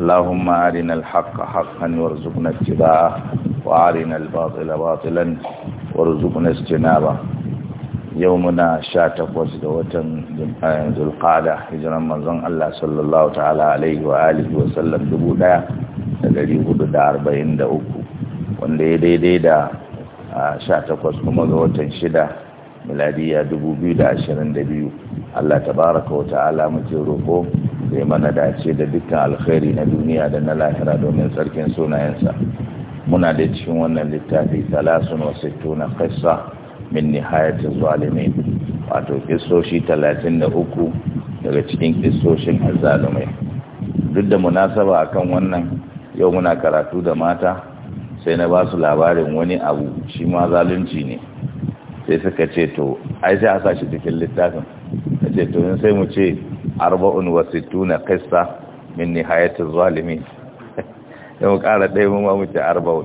اللهم أرنا الحق حقا وارزقنا اتباعه وأرنا الباطل باطلا وارزقنا اجتنابه يومنا شاتق وسدوة ذو القعدة هجرا من الله صلى الله تعالى عليه وآله وسلم دبودا الذي قد دار بين دوكو wanda ya daidai da sha takwas kuma ga watan shida miladiya biyu Allah tabaraka wa ta'ala muke roƙo Sai mana dace da dukkan alkhairi na duniya da na lahira domin tsarkin sunayensa muna da cikin wannan littafi talasun wasu tuna kasa min nihayati zalimi wato kisoshi talatin da uku daga cikin kisoshin azzalumai duk da munasaba akan wannan yau muna karatu da mata sai na ba su labarin wani abu shi ma zalunci ne sai suka ce to ai sai a sa shi cikin littafin a ce to yin sai mu ce arba'un wasu tuna kista min nihayatul zalimi mu kara ɗaya mu ma mu ce arba'un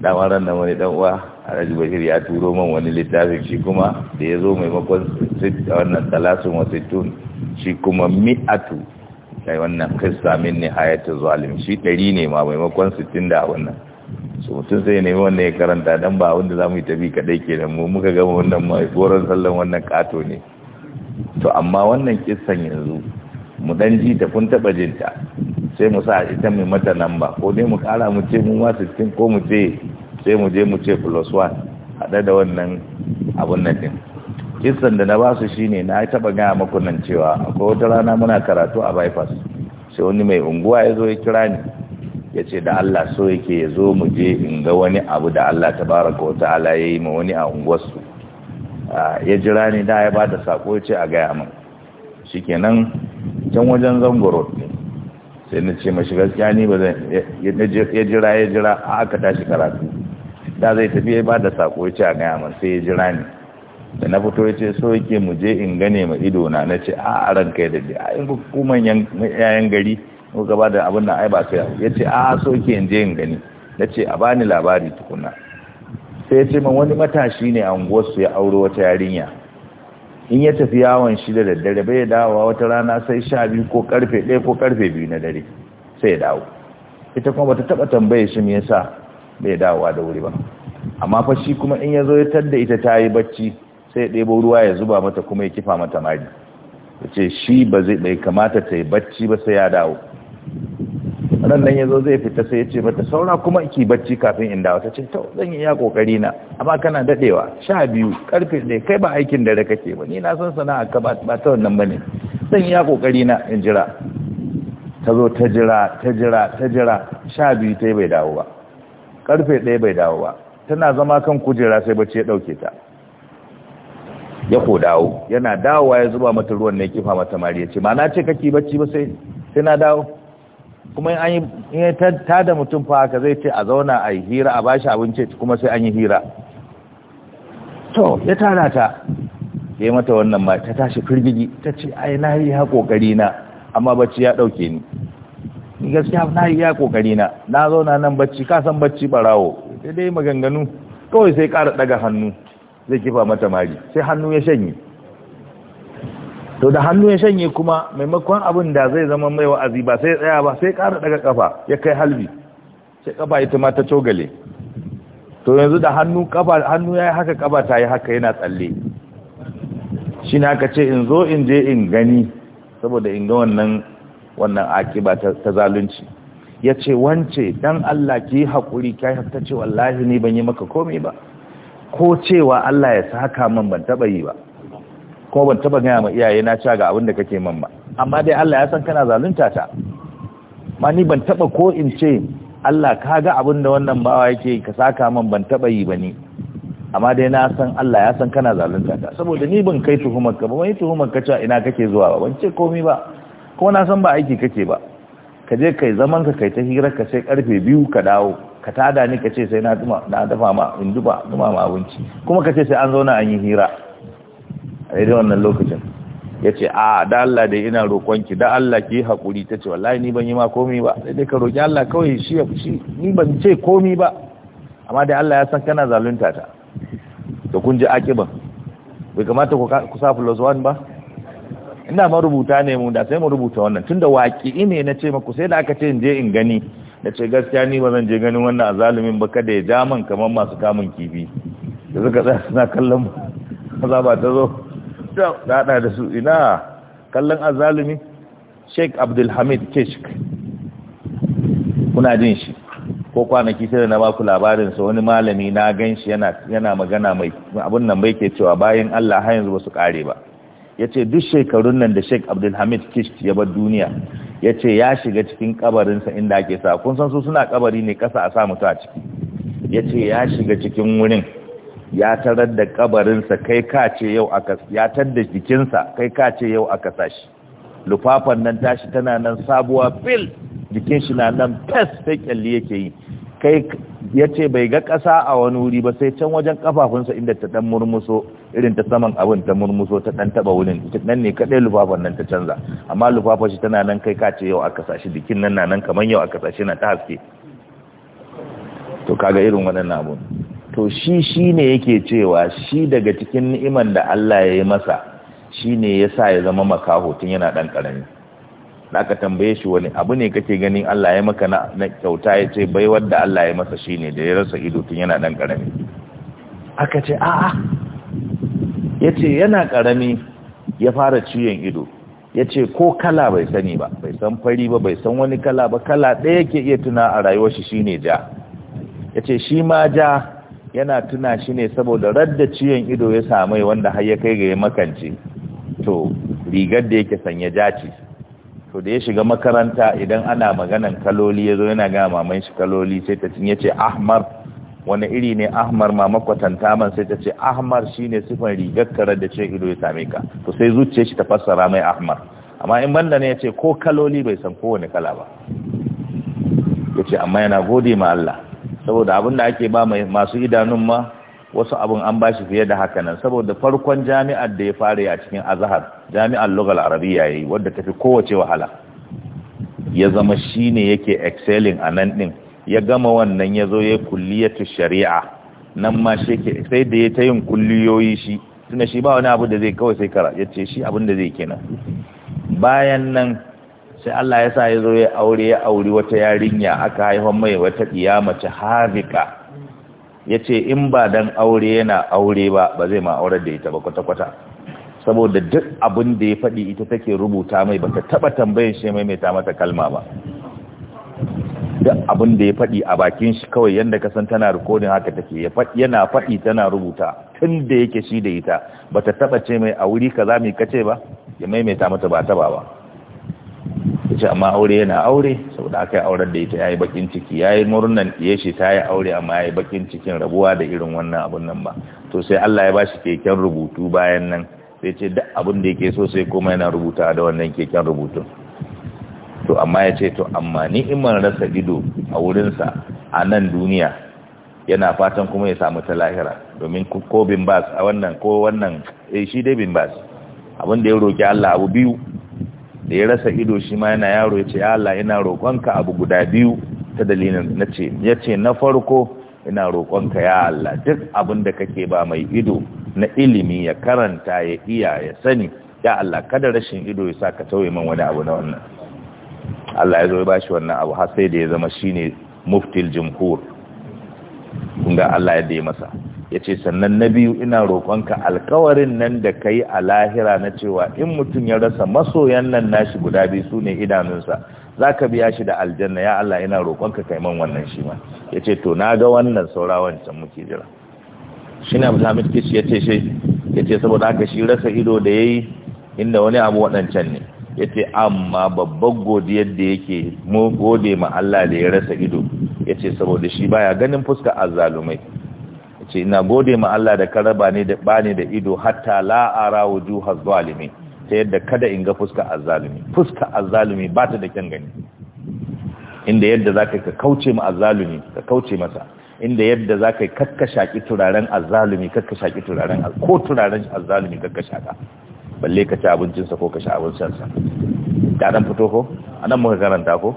damar ran na wani dan uwa raji bashir ya turo man wani littafin shi kuma da ya zo maimakon wannan talatin tun shi kuma mi'atu kai wannan kista min nihayatul zalimi shi ɗari ne ma maimakon sittin da wannan su mutum sai nemi wannan ya karanta dan ba wanda zamu yi tabi kadai kenan mu muka gama wannan mai goron sallan wannan kato ne to amma wannan kisan yanzu mu dan ji ta kun taba jin sai mu sa ita mai mata namba ko dai mu kara mu ce mu ma sittin ko mu ce sai mu je mu ce plus one hada da wannan abun nan din kisan da na ba su shine na taba gaya maku nan cewa akwai wata rana muna karatu a bypass sai wani mai unguwa ya zo ya kira ni ya ce da Allah so yake ya zo mu je in ga wani abu da Allah ta baraka wata ala ya yi ma wani a unguwarsu ya jira ni da ya ba da sako ya ce a gaya min shi kenan can wajen zangoro ne sai na ce mashi gaskiya ni ba zan ya jira ya jira a aka tashi karatu da zai tafi ya ba da sako ya ce a gaya min sai ya jira ni da na fito ya ce so yake mu je in gane ma ido na na ce a ranka ya daɗe a yin kuma yayan gari mu gaba da abin nan ai ba kai ya ce a so ke in je in gani na ce a bani labari tukuna sai ya ce man wani matashi ne a unguwarsu ya auro wata yarinya in ya tafi yawon shi da daddare bai dawowa wata rana sai sha biyu ko karfe ɗaya ko karfe biyu na dare sai ya dawo ita kuma bata taba tambaye shi me yasa bai dawowa da wuri ba amma fa shi kuma in ya zo ya tadda ita ta yi bacci sai ya ɗebo ruwa ya zuba mata kuma ya kifa mata mari ya ce shi ba zai bai kamata ta yi bacci ba sai ya dawo Ran nan ya zo zai fita sai ya ce mata saura kuma ki bacci kafin in dawo ta ce to zan yi ya kokari na amma kana dadewa sha biyu karfe ɗaya kai ba aikin dare kake ba ni na san sana'a ka ba ta wannan bane zan yi ya kokari na in jira ta zo ta jira ta jira ta jira sha biyu ta bai dawo ba karfe ɗaya bai dawo ba tana zama kan kujera sai bacci ya ɗauke ta ya ko dawo yana dawowa ya zuba mata ruwan ne kifa mata mari ya ce ma na ce kake bacci ba sai sai na dawo kuma in an yi ta da mutum fa haka zai ce a zauna a yi hira a bashi abinci kuma sai an yi hira to ya tana ta ya mata wannan ma ta tashi firgigi ta ce ai na yi ha na amma bacci ya dauke ni ni gaskiya na yi ya kokari na na zauna nan bacci ka san bacci barawo dai maganganu kawai sai kara daga hannu zai kifa mata mari sai hannu ya shanye to da hannu ya shanye kuma maimakon abin da zai zama mai wa'azi ba sai tsaya ba sai ƙara daga kafa ya kai halbi sai kafa ita ma ta cogale to yanzu da hannu kafa hannu yayi haka kafa ta yi haka yana tsalle shi na ka ce in zo in je in gani saboda in ga wannan wannan akiba ta zalunci ya ce wance dan Allah ki haƙuri ki ta ce wallahi ni ban yi maka komai ba ko cewa Allah ya saka man ban taɓa yi ba ko ban taba gaya ma iyaye na ci ga abin da kake man ba amma dai Allah ya san kana zalunta ta ma ni ban taba ko in ce Allah ka ga abin da wannan bawa yake ka saka man ban taba yi ba ni amma dai na san Allah ya san kana zalunta ta saboda ni ban kai tuhumar ka ba mai tuhumar ka cewa ina kake zuwa ba ban ce komai ba ko na san ba aiki kake ba ka je kai zaman ka kai ta hira ka sai karfe biyu ka dawo ka tada ni ka ce sai na dafa ma in duba duma ma abinci kuma ka ce sai an zauna an yi hira a irin wannan lokacin ya ce a da Allah da ina roƙonki da Allah ki haƙuri ta ce wallahi ni ban yi ma komi ba Sai dai ka roƙi Allah kawai shi ya fushi ni ban ce komi ba amma da Allah ya san kana zalunta ta da kun ji akiban bai kamata ku sa plus one ba ina ma rubuta ne mu da sai mu rubuta wannan tunda waƙi ne na ce maku sai da aka ce in je in gani da ce gaskiya ni ba zan je ganin wannan azalumin ba kada ya ja man kamar masu kamun kifi da suka tsaya suna kallon maza ba ta zo da hada da su ina kallon azalimi sheik abdulhamid kishk kuna jin shi ko kwanaki sai da na baku labarinsa wani malami na gan shi yana magana mai abin nan bai ke cewa bayan allah har yanzu ba su kare ba ya ce duk shekarun nan da sheik abdulhamid kishk ya bar duniya ya ce ya shiga cikin kabarinsa inda ake sa kun san su suna kabari ne kasa a sa mutu a ciki ya ce ya shiga cikin wurin ya tarar da kabarinsa kai ka ce yau aka ya tar da jikinsa kai ka ce yau aka sashi lufafan nan tashi tana nan sabuwa fil jikin shi na nan fes sai kyalli yake yi kai ya ce bai ga ƙasa a wani wuri ba sai can wajen kafafunsa inda ta dan murmuso irin ta saman abin ta murmuso ta dan taba wurin nan ne kadai lufafan nan ta canza amma lufafan shi tana nan kai ka ce yau aka sashi jikin nan na nan kamar yau aka sashi na ta haske to kaga irin waɗannan abun to shi shi ne yake cewa shi daga cikin ni'iman da Allah ya yi masa shi ne ya sa ya zama makaho tun yana ɗan ƙarami da aka tambaye shi wani abu ne kake ganin Allah ya maka na kyauta ya ce bai wadda Allah ya masa shi ne da ya rasa ido tun yana ɗan ƙarami aka ce a'a ya ce yana ƙarami ya fara ciyon ido ya ce ko kala bai sani ba bai san fari ba bai san wani kala ba kala ɗaya ke iya tuna a rayuwar shi shine ja ya ce shi ma ja yana tuna shi ne saboda radda ciyon ido ya samai wanda har ya kai ga ya makance to rigar da yake sanya jaci to da ya shiga makaranta idan ana maganan kaloli ya zo yana gama mai shi kaloli sai ta cinye ce ahmar wani iri ne ahmar ma makwatanta man sai ta ce ahmar ne sifan rigar ka radda ciyon ido ya same ka to sai zuciyar shi ta fassara mai ahmar amma in banda ne ya ce ko kaloli bai san kowane kala ba ya ce amma yana gode ma Allah saboda abin da ake ba masu idanun ma wasu abin an ba shi fiye da hakanan. saboda farkon jami'ar da ya fara a cikin azahar jami'ar lugal ya yi. wadda tafi kowace wahala ya zama shi shine yake excelling a nan din ya gama wannan ya zo ya kulliyatu shari'a nan ma shi ke sai da ya ta yin kulliyoyi shi tunda shi ba wani abu da zai kawai sai kara ya ce shi abin da zai kenan bayan nan sai Allah ya sa ya zo ya aure ya auri wata yarinya aka haifan mai wata mace harika ya ce in ba dan aure yana aure ba ba zai ma aurar da ita ba kwata-kwata saboda duk abin da ya faɗi ita take rubuta mai ba ta taɓa tambayin shi mai ta mata kalma ba duk abin da ya faɗi a bakin shi kawai yadda ka san tana rikodin haka take yana faɗi tana rubuta tun da yake shi da ita ba ta taɓa ce mai a wuri ka za mu kace ba ya maimaita mata ba ta ba ba ce amma aure yana aure saboda aka yi auren da ita yayi bakin ciki yayi murnan diye shi ta yi aure amma yayi bakin cikin rabuwa da irin wannan abun nan ba to sai Allah ya bashi keken rubutu bayan nan sai ce duk abin da yake so sai kuma yana rubuta da wannan keken rubutun to amma ya ce to amma ni in man rasa ido a wurinsa a nan duniya yana fatan kuma ya samu ta lahira domin ko bin bas a wannan ko wannan eh shi dai bin bas abin da ya roki Allah abu biyu da ya rasa ido shi ma yana yaro ya ce ya Allah ina roƙonka abu guda biyu ta dalilin na ce ya ce na farko ina roƙonka ya Allah duk abin da kake ba mai ido na ilimi ya karanta ya iya ya sani ya Allah kada rashin ido ya sa ka tauye min wani abu na wannan Allah ya zo ya bashi wannan abu har sai da ya zama shine muftil jumhur kun ga Allah ya dai masa ya ce sannan na biyu ina roƙonka alkawarin nan da ka yi a lahira na cewa in mutum ya rasa masoyan nan nashi guda biyu su ne idanunsa za ka biya shi da aljanna ya Allah ina roƙonka kai man wannan shi ma ya ce to na ga wannan saura wancan muke jira shi na musamman kishi ya ce shi ya ce saboda haka shi rasa ido da ya yi inda wani abu waɗancan ne ya ce amma babban godiyar da yake mu gode ma Allah da ya rasa ido ya ce saboda shi baya ganin fuska azzalumai ce ina gode ma Allah da karaba ne da bani da ido hatta la ara wujuha zalimi ta yadda kada in ga fuska azzalumi fuska azzalumi ba ta da kyan gani inda yadda zakai ka kauce ma azzalumi ka kauce masa inda yadda zakai ka yi kakkashaki turaren azalumi kakkashaki turaren ko turaren azalumi kakkashaka balle ka ci abincinsa ko ka sha abincinsa da dan fito ko a nan muka karanta ko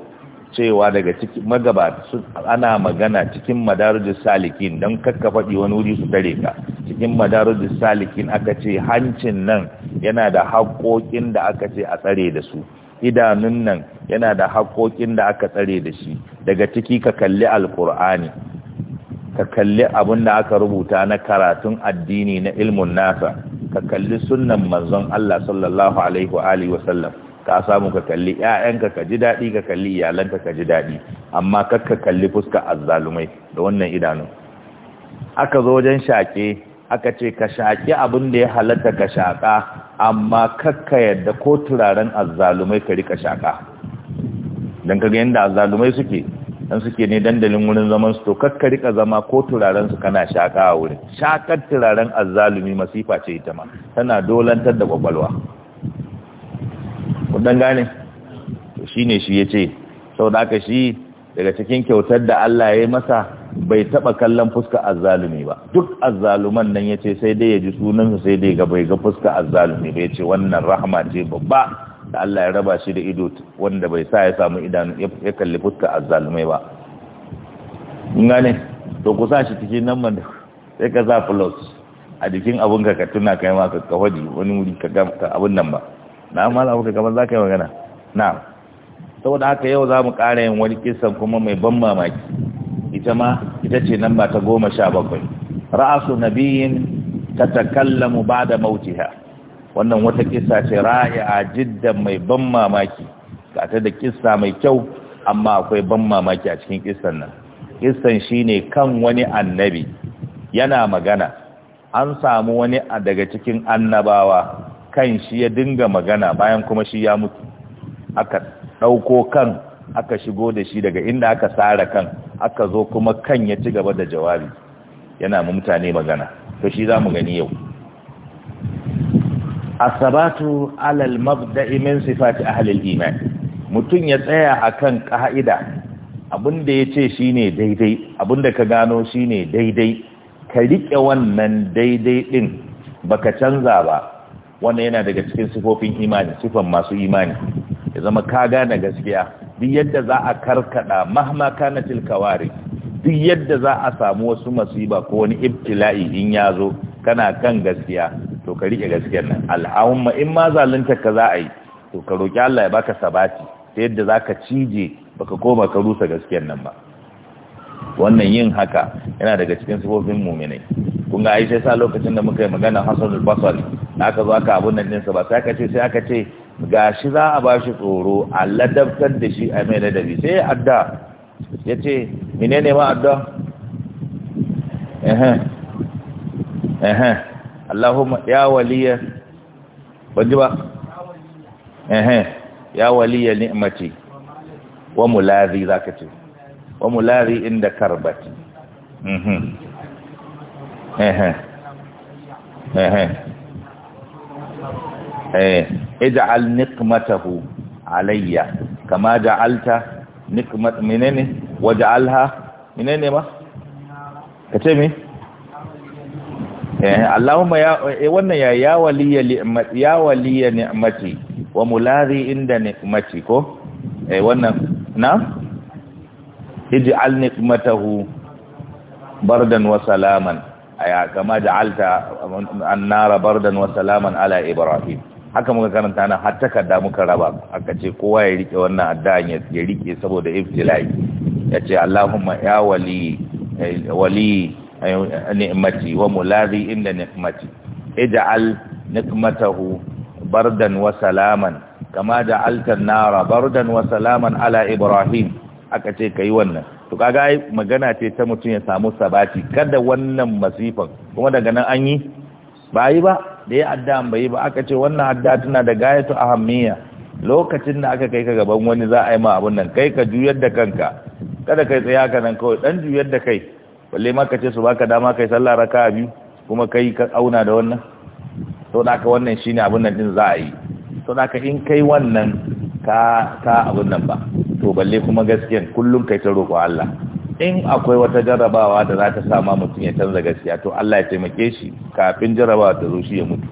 cewa daga cikin magaba ana magana cikin madarujus salikin don kakka faɗi wani wuri su tare ka cikin madarujus salikin aka ce hancin nan yana da haƙoƙin da aka ce a tsare da su idanun nan yana da haƙoƙin da aka tsare da shi daga ciki ka kalli alƙur'ani ka kalli abin da aka rubuta na karatun addini na ilmun nasa ka kalli sunnan manzon Allah sallallahu alaihi wa sallam ka samu ka kalli ƴaƴanka ka ji daɗi ka kalli iyalanka ka ji daɗi amma kar ka kalli fuska azzalumai da wannan idanu aka zo wajen shaƙe aka ce ka shaƙi abin da ya halatta ka shaƙa amma kar ka yadda ko turaren azzalumai ka rika shaƙa don ga yadda azzalumai suke dan suke ne dandalin wurin zaman su to ka rika zama ko turaren su kana shaka a wurin shakar turaren azzalumi masifa ce ita ma tana dolantar da kwakwalwa kudan gane to shine shi yace da haka shi daga cikin kyautar da Allah ya yi masa bai taba kallon fuska azzalumi ba duk azzaluman nan yace sai dai ya ji sunan sai dai ga bai ga fuska azzalumi ba ce wannan rahama ce babba da Allah ya raba shi da ido wanda bai sa ya samu idanu ya kalli fuska azzalumai ba gane to ku sa shi cikin nan man sai ka za plus a jikin abun ka ka tuna kai ma ka kawadi wani wuri ka abun nan ba na mala abu kamar za ka yi magana na saboda haka yau za mu ƙara yin wani kisan kuma mai ban mamaki ita ma ita ce nan ba ta goma sha bakwai ra'asu biyin ta takallamu ba da mautiha wannan wata kisa ce a jidda mai ban mamaki ga ta da kisa mai kyau amma akwai ban mamaki a cikin kisan nan kisan shi ne kan wani annabi yana magana an samu wani daga cikin annabawa kan shi ya dinga magana bayan kuma shi ya mutu aka ɗauko kan aka shigo da shi daga inda aka tsara kan aka zo kuma kan ya ci gaba da jawabi yana mutane magana to shi za mu gani yau asabatu alal mabda'i min sifati halin iman mutun ya tsaya akan ka'ida abinda yace shine daidai abinda ka gano shine daidai ka rike wannan daidai din baka canza ba wannan yana daga cikin sifofin imani sifan masu imani ya zama ka gane gaskiya duk yadda za a karkada mahma kana tilkawari duk yadda za a samu wasu masiba ko wani ibtila'i in ya zo kana kan gaskiya to ka rike gaskiyar nan al'ahumma in ma zalunta ka za a yi to ka roki Allah ya baka sabati ta yadda za ka cije baka koma ka rusa gaskiyar nan ba wannan yin haka yana daga cikin sifofin muminai kun ga aisha sa lokacin da muka yi magana hasan al-basri aka zo aka abun nan ba sai aka ce sai aka ce gashi za a bashi tsoro a ladabtar da shi a mai ladabi sai ya adda ya ce menene ma adda ehem ehem Allahumma ya waliya ban ji ba ehem ya waliya ni'mati wa mulazi zaka ce wa mulari inda karbati ij'al niqmatahu alayya kama ja'alta niqmat minene ja'alha minene ma kace mi eh Allahumma ya wannan ya ya waliya ni'mat ya waliya ni'mati wa mulari inda ni'mati ko eh wannan na ij'al nikmatahu bardan wa salaman aya kama ja'alta annara bardan wa salaman ala ibrahim haka muka karanta na har takarda muka raba aka ce kowa ya rike wannan addan ya rike saboda iftilai ya ce Allahumma ya wali eh, wali eh, ni'mati wa muladi inda ni'mati ij'al nikmatahu bardan wa salaman kama ja'alta an-nara bardan wa salaman ala ibrahim aka ce ka yi wannan to kaga magana ce ta mutum ya samu sabati kada wannan masifan kuma daga nan an yi ba yi ba da ya adda an bai ba aka ce wannan adda tana da gayatu ahammiya lokacin da aka kai ka gaban wani za a yi ma abun nan kai ka juyar da kanka kada kai tsaya ka nan kawai dan juyar da kai balle ma ka ce su baka dama kai sallah raka biyu kuma kai ka auna da wannan to da ka wannan shine abun nan din za a yi to da ka in kai wannan ka ka abin nan ba to balle kuma gaskiyan kullum kai ta roƙo Allah in akwai wata jarrabawa da za ta sama mutum ya canza gaskiya to Allah ya taimake shi kafin jarrabawa ta zo shi ya mutu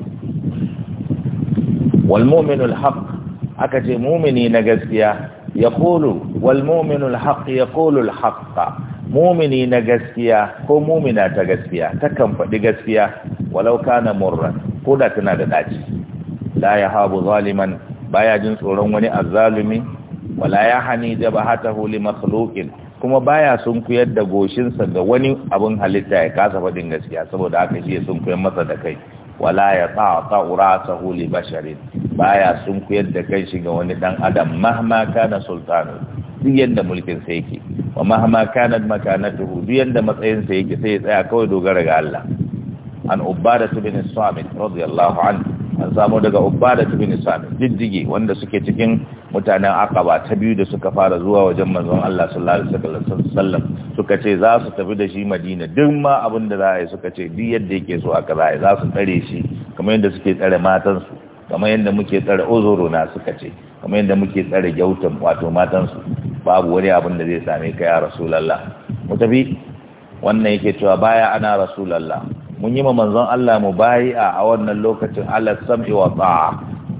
wal mu'minul haqq aka ce mu'mini na gaskiya yaqulu wal mu'minul haqq yaqulu al haqq mu'mini na gaskiya ko mu'mina ta gaskiya takan faɗi gaskiya walau kana murran ko da tana da daci la yahabu zaliman baya jin tsoron wani azzalumi wala ya hani jabahatahu huli makhluqin kuma baya sunkuyar da goshinsa ga wani abin halitta ya kasa faɗin gaskiya saboda haka shi ya sunkuyar masa da kai wala ya ta'ata urasahu li basharin baya sunkuyar da kai shi ga wani dan adam mahma kana sultanu duk yanda mulkin sa yake wa mahma kana makanatuhu duk yanda matsayin sa yake sai ya tsaya kawai dogara ga Allah an ubada bin samit radiyallahu anhu an samu daga da bin sa'd diddige wanda suke cikin mutanen akaba ta biyu da suka fara zuwa wajen manzon Allah sallallahu alaihi wasallam suka ce za su tafi da shi Madina duk ma abin da za a yi suka ce duk yadda yake so aka za a yi za su tsare shi kamar yadda suke tsare matansu kamar yadda muke tsare na suka ce kamar yadda muke tsare gyautan wato matansu babu wani abin da zai same ka ya rasulullah mu tafi wannan yake cewa baya ana rasulullah mun yi ma manzon Allah mu bayi a wannan lokacin Allah sam'i wa ta'a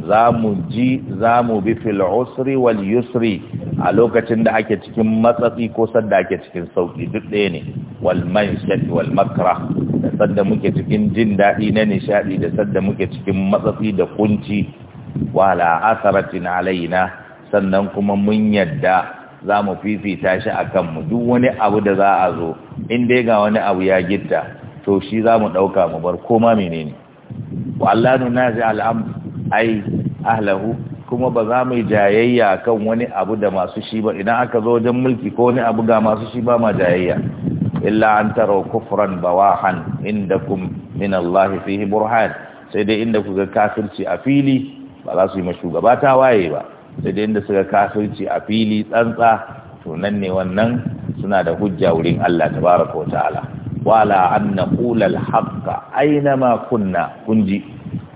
za mu ji za mu bi fil usri wal yusri a lokacin da ake cikin matsatsi ko sadda ake cikin sauki duk ɗaya ne wal manshat wal makra da sadda muke cikin jin daɗi na nishaɗi da sadda muke cikin matsatsi da kunci wala asaratin alaina sannan kuma mun yadda za mu fifita shi a kanmu duk wani abu da za a zo in dai ga wani abu ya gita. to shi za mu ɗauka mu bar koma menene wa Allah nuna zai al'am ai ahlahu kuma ba za mu jayayya kan wani abu da masu shi ba idan aka zo wajen mulki ko wani abu ga masu shi ba ma jayayya illa an taro kufran bawahan indakum min Allah fihi burhan sai dai inda kuga kafirci a fili ba za su yi mashugaba ta waye ba sai dai inda suka kafirci a fili tsantsa to nan ne wannan suna da hujja wurin Allah tabaraka wa ta'ala wala an naqula al aina ma kunna kunji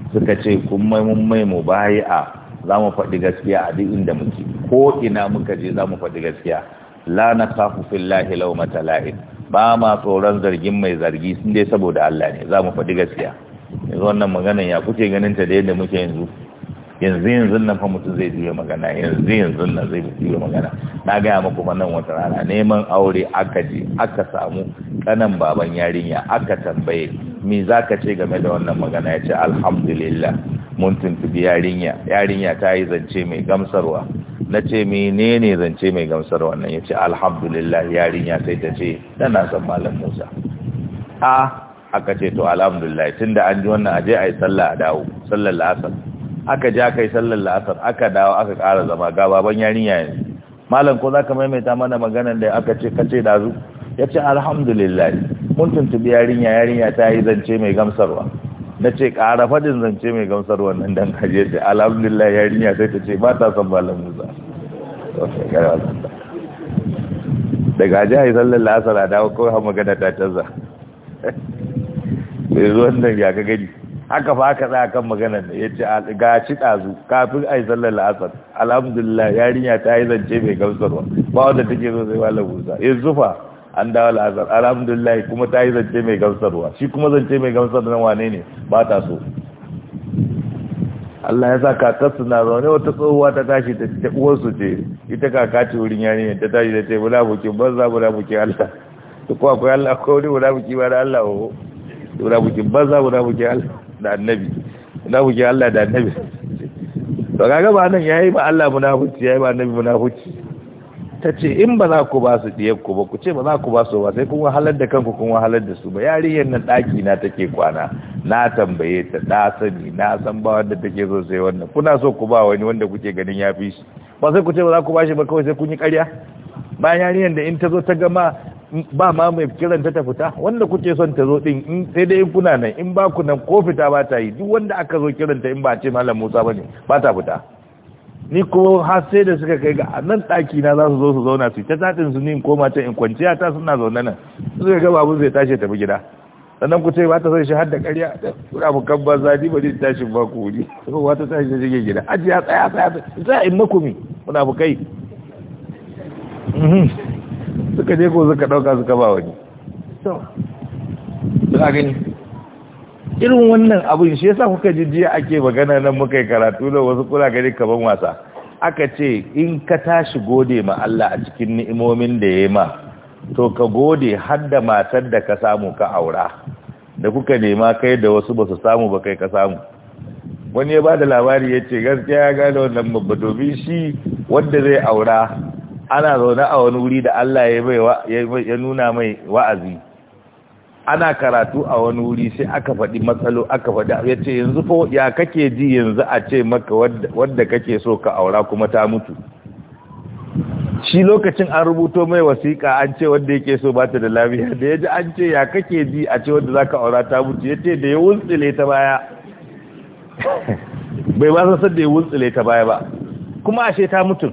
suka ce kun mai mun mai mu bai'a zamu faɗi gaskiya a duk inda muke ko ina muka je zamu faɗi gaskiya la nakafu fillahi lawmata la'in ba ma tsoron zargin mai zargi sun dai saboda Allah ne zamu faɗi gaskiya yanzu wannan maganan ya kuke ganin ta da yadda muke yanzu yanzu yanzu nan fa mutum zai juya magana yanzu yanzu nan zai juya magana na gaya muku fa nan wata rana neman aure aka je aka samu kanan baban yarinya aka tambaye me za ka ce game da wannan magana ya ce alhamdulillah mun tuntubi yarinya yarinya ta yi zance mai gamsarwa na ce ne zance mai gamsarwa nan ya ce alhamdulillah yarinya sai ta ce tana son malam musa a aka ce to alhamdulillah tunda an ji wannan aje a yi sallah a dawo sallar la'asar aka ja kai sallar la'asar aka dawo aka ƙara zama ga baban yarinya yanzu malam ko za ka maimaita mana maganar da aka ce kace dazu ya ce alhamdulillah mun tuntubi yarinya yarinya ta yi zance mai gamsarwa na ce ƙara faɗin zance mai gamsarwa nan dan kaje ce alhamdulillah yarinya sai ta ce ba ta son malam musa daga ji sallar la'asar a dawo kawai magana ta canza bai zuwan nan ya ka gani haka fa aka tsaya kan maganar da a ga shi ɗazu. kafin a yi sallar la'asar alhamdulillah yarinya ta yi zance mai gamsarwa ba wanda take so sai wala busa Ya zufa an dawo la'asar alhamdulillah kuma ta yi zance mai gamsarwa shi kuma zance mai gamsar na wane ne ba ta so Allah ya sa kakarsu na zaune wata tsohuwa ta tashi ta ta uwarsu ce ita kaka ce wurin yarinya ta tashi ta ce bula ban banza bula buki Allah ta kuwa akwai Allah ko wani bula buki ba da Allah ko bula bukin banza bula Allah da annabi buge Allah da annabi to kaga ba nan yayi ba Allah munafici yayi ba annabi munafici tace in ba za ku ba su diyar ku ba ku ce ba za ku ba su ba sai kun wahalar da kanku kun wahalar da su ba yan nan daki na take kwana na tambaye ta da sani na san ba wanda take so sai wannan kuna so ku ba wani wanda kuke ganin ya fi shi ba sai ku ce ba za ku ba shi ba kawai sai kun yi ƙarya bayan yariyar da in ta zo ta gama ba ma mai kiran ta fita wanda kuke son ta zo din in sai dai kuna nan in ba ku nan ko fita ba ta yi duk wanda aka zo kiran ta in ba ce malam Musa bane ba ta fita ni ko har sai da suka kai ga nan daki na za su zo su zauna su ta tatin su ni koma ta in kwanciya ta suna zaune nan suka ga babu zai tashi tafi gida sannan ku ce ba ta son shi har da ƙarya da abu kan ba zadi ba zai tashi ba ku wuri ko wata tashi jige gida ajiya tsaya tsaya tsaya in makumi kuna bukai mhm. suka je ko suka dauka suka ba wani gani irin wannan abin shi yasa kuka ji jiya ake magana nan muka yi karatu da wasu kula gani kaban wasa aka ce in ka tashi gode ma Allah a cikin ni'imomin da ya ma to ka gode har da matar da ka samu ka aura da kuka nema kai da wasu ba su samu ba kai ka samu wani ya ba da labari ya ce gaskiya ya gane wannan babba domin shi wanda zai aura ana zaune a wani wuri da Allah ya nuna mai wa'azi ana karatu a wani wuri sai aka faɗi matsalo aka faɗi ya ce yanzu fo ya kake ji yanzu a ce maka wadda kake so ka aura kuma ta mutu shi lokacin an rubuto mai wasiƙa an ce wadda yake so ba ta da lafiya da ya ji an ce ya kake ji a ce wadda za ka aura ta mutu ya ce da ya wuntsile ta baya bai ba san da ya wuntsile ta baya ba kuma ashe ta mutu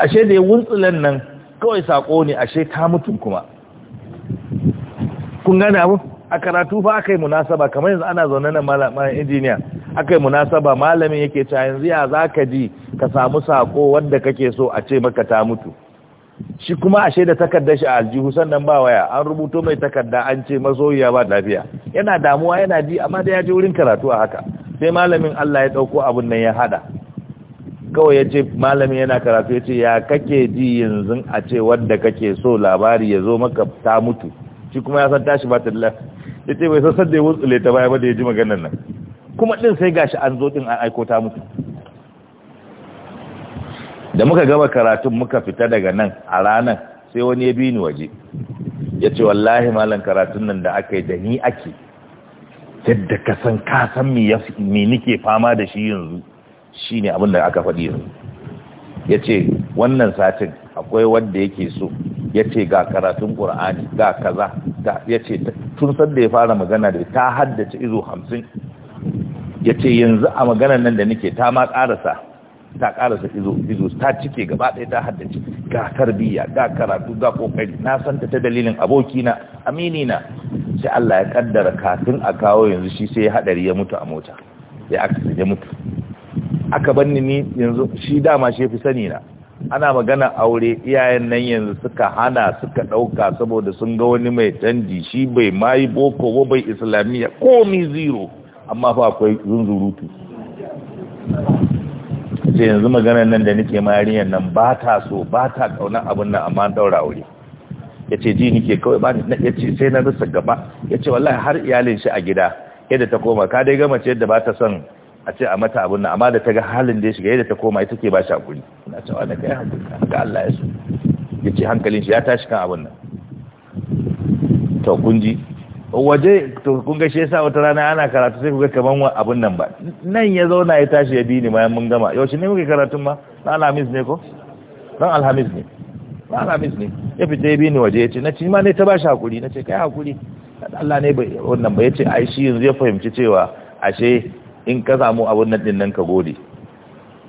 ashe da ya wuntsulan nan kawai sako ne ashe ta mutum kuma kun gane abu a karatu fa aka yi munasaba kamar yanzu ana zaune na malamin injiniya aka yi munasaba malamin yake cewa yanzu ya za ka ji ka samu sako wanda kake so a ce maka ta mutu shi kuma ashe da takardar shi a aljihu sannan ba waya an rubuto mai takarda an ce masoyiya ba lafiya yana damuwa yana ji amma da ya je wurin karatu a haka sai malamin Allah ya dauko abun nan ya hada kawai ya ce malami yana karatu ya ce ya kake ji yanzu a ce wadda kake so labari ya zo maka ta mutu shi kuma ya san tashi ba ta dila ya ce bai sassan da ya wutsule ta baya ba da ya ji maganan nan kuma ɗin sai gashi an zo ɗin an aiko ta mutu da muka gaba karatun muka fita daga nan a ranar sai wani ya bini waje ya ce wallahi malam karatun nan da aka yi da ni ake yadda ka san ka san me nike fama da shi yanzu shine abin da aka faɗi yanzu ce wannan satin akwai wanda yake so Ya ce ga karatun ƙura'ani ga kaza ce tun sanda ya fara magana da ta haddace izo hamsin. Ya ce yanzu a maganar nan da nake ta ma karasa ta karasa izo izo ta cike gaba ɗaya ta haddace ga tarbiyya ga karatu ga kokari na san ta ta dalilin abokina aminina sai Allah ya kaddara kafin a kawo yanzu shi sai ya haɗari ya mutu a mota ya aka ya mutu aka banni ni yanzu shi dama shi fi sani na ana magana aure iyayen nan yanzu suka hana suka ɗauka saboda sun ga wani mai canji shi bai mayi boko ko bai islamiyya mi zero amma fa akwai zunzurutu ce yanzu magana nan da nake mariyar nan ba ta so ba ta ƙaunar abin nan amma ɗaura aure ya ce ji nike kawai ba ya ce sai na rasa gaba ya ce wallahi har iyalin shi a gida yadda ta koma ka dai gama ce yadda ba ta son a ce a mata abin nan amma da ta ga halin da ya shiga yadda ta koma ita ke ba shi hakuri ina cewa na kai hakuri ga Allah ya so ya ce hankalin shi ya tashi kan abin nan to kun ji waje to kun ga shi yasa wata rana ana karatu sai ku ga kaman abin nan ba nan ya zauna ya tashi ya bi ni ma mun gama yau shi ne muke karatun ma na alhamis ne ko ran alhamis ne ran alhamis ne ya fita ya bi ni waje ya ce na ci ma ne ta ba shi hakuri na ce kai hakuri Allah ne ba wannan ba ya ce ai shi yanzu ya fahimci cewa ashe in ka samu abun nan dinnan nan ka gode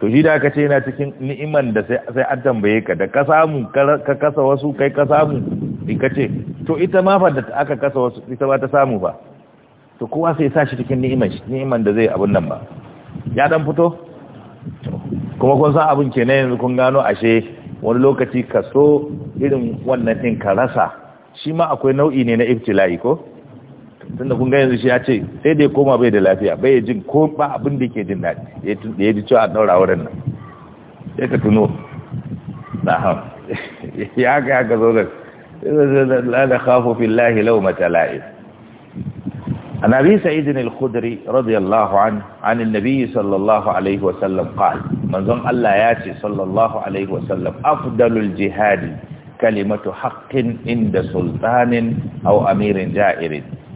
to shi da aka ce yana cikin ni'iman da sai an tambaye ka da ka samu ka kasa wasu kai ka samu in ka ce to ita ma fa da aka kasa wasu ita ba ta samu ba to kowa sai sa shi cikin ni'iman shi ni'iman da zai abun nan ba ya dan fito kuma kun san abin kenan yanzu kun gano ashe wani lokaci ka so irin wannan din ka rasa shi ma akwai nau'i ne na ibtila'i ko tunda kun ga shi ya ce sai dai koma bai da lafiya bai ya jin ko ba abin da yake jin daɗi ya ji cewa a ɗaura wurin nan sai ka tuno na ham ya ga ya ga zo da la da khafu fillahi law matala'ib عن أبي سعيد الخدري رضي الله عنه عن النبي صلى الله عليه وسلم قال من ظن الله ياتي صلى الله عليه وسلم أفضل الجهاد كلمة حق عند سلطان أو أمير جائر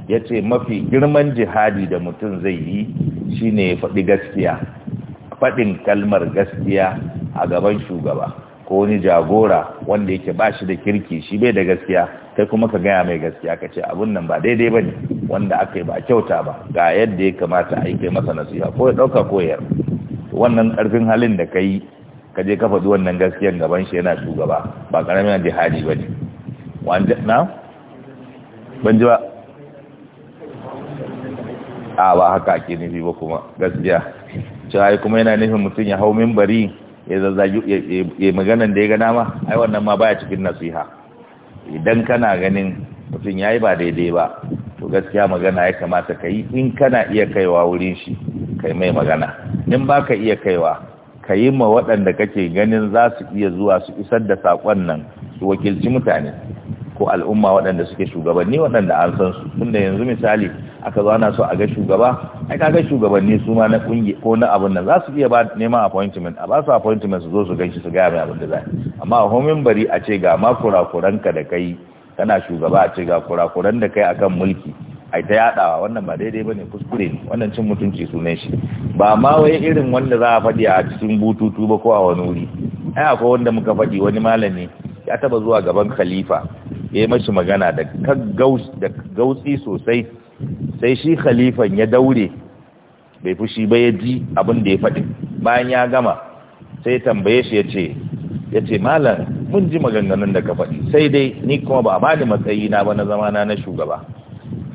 ya ce mafi girman jihadi da mutum zai yi shine ya faɗi gaskiya faɗin kalmar gaskiya a gaban shugaba ko wani jagora wanda yake ba shi da kirki shi bai da gaskiya kai kuma ka gaya mai gaskiya ka ce abun nan ba daidai ba ne wanda aka yi ba kyauta ba ga yadda ya kamata a yi kai masa nasiha ko ya ɗauka koyar wannan ƙarfin halin da ka ka je ka faɗi wannan gaskiyan gaban shi yana shugaba ba ƙaramin jihadi ba ne a ba haka ake nufi ba kuma gaskiya cewa kuma yana nufin mutum ya hau mimbari ya zazzagi ya maganan da ya ga dama ai wannan ma baya cikin nasiha idan kana ganin mutum yayi ba daidai ba to gaskiya magana ya kamata ka yi in kana iya kaiwa wurin shi kai mai magana in ba ka iya kaiwa ka yi ma waɗanda kake ganin za su iya zuwa su isar da saƙon nan su wakilci mutane ko al'umma waɗanda suke shugabanni waɗanda an san su tunda yanzu misali aka zo ana so a ga shugaba ai kaga shugabanni su ma na kungi ko na abin nan za su iya ba neman appointment a ba su appointment su zo su ganshi su gaya mai abin da za amma a homin bari a ce ga ma kurakuranka da kai kana shugaba a ce ga kurakuran da kai akan mulki ai ta yadawa wannan ba daidai bane kuskure ne wannan cin mutunci sunan shi ba ma wai irin wanda za a faɗi a cikin bututu ba ko a wani wuri ai akwai wanda muka faɗi wani malami ya taba zuwa gaban khalifa ya yi mashi magana da gautsi sosai sai shi khalifan ya daure bai fushi ba ya ji abin da ya faɗi bayan ya gama sai tambaye shi ya ce ya ce malam mun ji maganganun da ka faɗi sai dai ni kuma ba ba da matsayi na ba na zamana na shugaba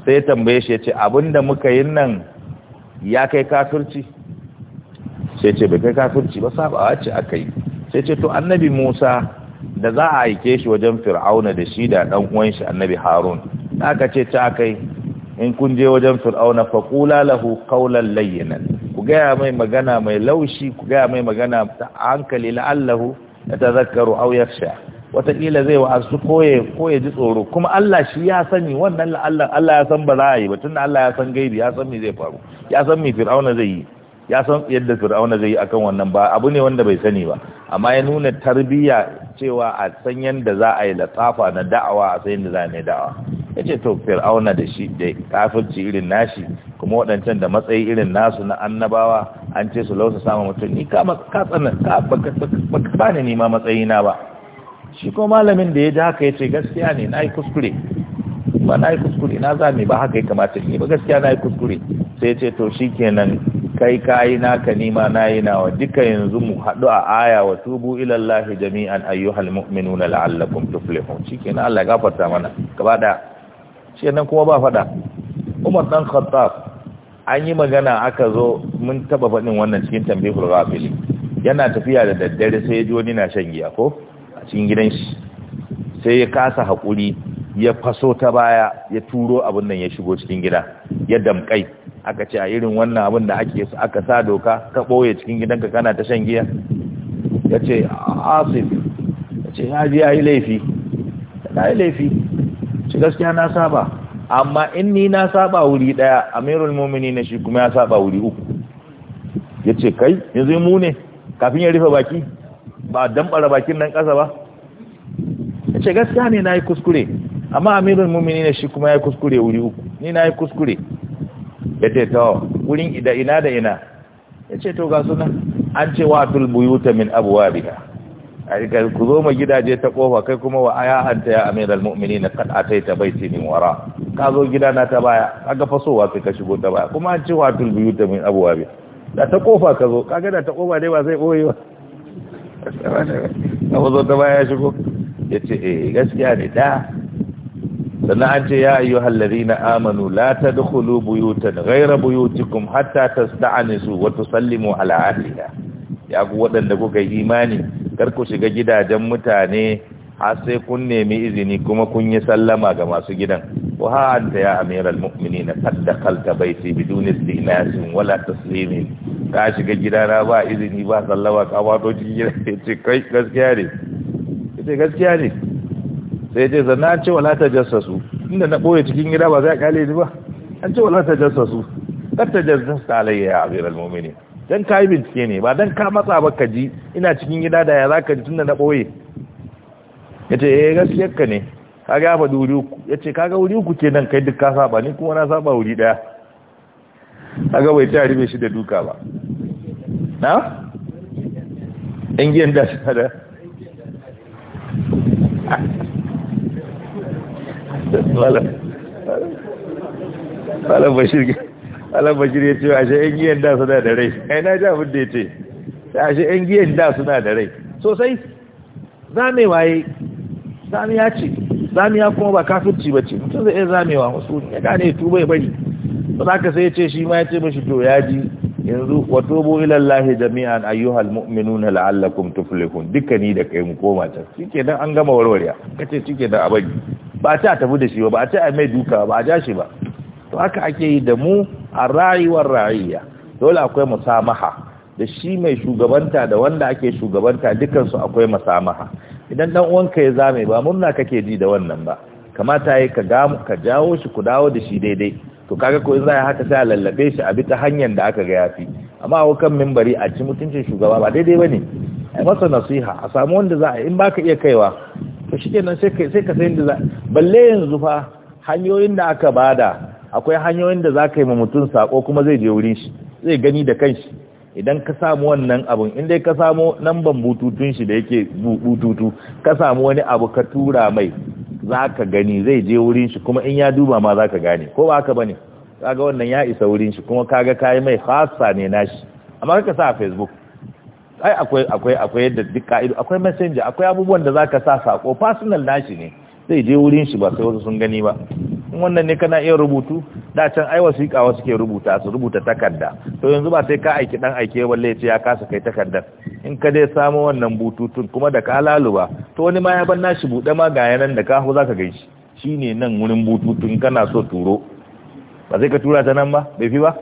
sai ya tambaye shi ya ce abin da muka yin nan ya kai kafirci sai ce bai kai kafirci ba sabawa ce aka yi sai ce to annabi musa da za a aike shi wajen fir'auna da shi da ɗan uwan shi annabi harun aka ce ta kai in kun je wajen fir'auna faqula lahu qawlan layyinan ku gaya mai magana mai laushi ku gaya mai magana ta hankali la'allahu yatazakkaru aw yakhsha wataƙila zai wa'azu ko ya ji tsoro kuma Allah shi ya sani wannan Allah ya san ba za a yi ba tunda Allah ya san gaibi ya san me zai faru ya san me fir'auna zai yi ya san yadda fir'auna zai yi akan wannan ba abu ne wanda bai sani ba amma ya nuna tarbiyya cewa a san yanda za a yi latsafa na da'awa a san yanda za a yi da'awa ya ce to fir'auna da shi da kafirci irin nashi kuma waɗancan da matsayi irin nasu na annabawa an ce su lausa samun mutum ni ka tsanan ka baka ni nima matsayi na ba shi ko malamin da ya ji haka ya ce gaskiya ne na yi kuskure ba na yi kuskure na ba haka ya kamata ni ba gaskiya na yi kuskure sai ce to shi kenan kai kayi naka nima na yi nawa duka yanzu mu haɗu a aya wa tubu ilallahi jami'an ayyuhal mu'minuna la'allakum tuflihun kenan Allah gafarta mana gaba da shi nan kuma ba faɗa umar dan khattab an yi magana aka zo mun taba faɗin wannan cikin tambihul ghafili yana tafiya da daddare sai ya ji wani na shan giya ko a cikin gidan shi sai ya kasa hakuri ya faso ta baya ya turo abin nan ya shigo cikin gida ya damkai aka ce a irin wannan abin da ake aka sa doka ka boye cikin gidanka kana ta shan giya ya ce asif ya ce ya ji ya yi laifi ya yi laifi gaskiya na saba amma in ni na saba wuri daya amirul mumini na shi kuma ya saba wuri uku ya ce kai yanzu mu ne kafin ya rufe baki ba bara bakin nan kasa ba ya ce gaskiya ne na yi kuskure amma amirul mumini na shi kuma ya kuskure wuri uku ni na yi kuskure ya ce ta wurin ida ina da ina ya ce to ga sunan, an ce wa tul buyuta min abwabiha ku zo mu gidaje ta kofa kai kuma wa aya anta ya amiral mu'minin kad ataita baiti min wara ka zo gida na ta baya kaga fasowa sai ka shigo ta baya kuma an ci watul buyut min abwabi da ta kofa ka zo kaga da ta kofa dai ba zai boye ba na zo ta baya ya shigo yace eh gaskiya ne da sannan an ce ya ayyuhal ladina amanu la tadkhulu buyutan ghayra buyutikum hatta tasta'nisu wa tusallimu ala ahliha ya ku waɗanda kuka imani kar ku shiga gidajen mutane har sai kun nemi izini kuma kun yi sallama ga masu gidan wa ha anta ya amiral mu'minina qad dakhalta baiti bidun istinasin wala taslimin ka shiga gida na ba izini ba sallama ka wato cikin gida ce kai gaskiya ne ce gaskiya ne sai ce zanna an ce wala tajassasu inda na boye cikin gida ba zai a kale ni ba an ce wala tajassasu kar tajassasu alayya ya amiral mu'minina dan ka yi bincike ne ba dan ka matsa ba ka ji ina cikin gida da ya za ka ji tun da na ɓoye ya ce eh gaskiyar ka ne ka ga faɗi wuri uku ya ce kaga wuri uku ke nan kai duk ka saba ni kuma na saba wuri ɗaya ga bai ta rube shi da duka ba na ingiyan da shi da wala wala bashir alam bashir ya ce ashe yan giyan da suna da rai ai na ja abin da ya ce ashe yan giyan da suna da rai sosai zamewa ya zamiya ce ya kuma ba kafirci ba ce mutum zai iya zamewa wasu. ya gane tuba ya bari ba za ka sai ya ce shi ma ya ce mashi to ya ji yanzu tobo ilallahi jami'an ayyuhal mu'minuna la'allakum tuflihun dukkani da kai mu koma ta shike dan an gama warware kace shike da abani ba ta tafi da shi ba ba ta mai duka ba a ja shi ba to haka ake yi da mu A rayuwar rayuwa dole akwai musamaha da shi mai shugabanta da wanda ake shugabanta dukansu akwai musamaha idan dan uwanka ya zame ba murna kake ji da wannan ba kamata yayi ka gamu ka jawo shi ku dawo da shi daidai to kaga ko in za haka sai a lallabe shi a bi ta hanyar da aka ga yafi amma a wukan minbari a ci mutuncin shugaba ba daidai bane ai masa nasiha a samu wanda za a in baka iya kaiwa to shikenan sai ka sai ka sayin balle yanzu fa hanyoyin da aka bada akwai hanyoyin da za ka yi ma mutum sako kuma zai je wurin shi zai gani da kanshi idan ka samu wannan abun inda ka samu namban bututun shi da yake bututu ka samu wani abu ka tura mai za ka gani zai je wurin shi kuma in ya duba ma za ka gane ko ba haka ba ne ga wannan ya isa wurin shi kuma kaga yi mai fasa ne nashi amma ka sa a facebook ai akwai akwai akwai yadda duk akwai messenger akwai abubuwan da za ka sa sako personal nashi ne zai je wurin shi ba sai wasu sun gani ba in wannan ne kana iya rubutu da can ai wasiƙa wasu rubuta su rubuta takarda to yanzu ba sai ka aiki dan aike balle ce ya kasa kai takardar in ka dai samu wannan bututun kuma da ka laluba to wani ma ya ban nashi buɗe ma ga yanan da ka hu zaka gaishe shine nan wurin bututun kana so turo ba sai ka tura ta nan ba bai fi ba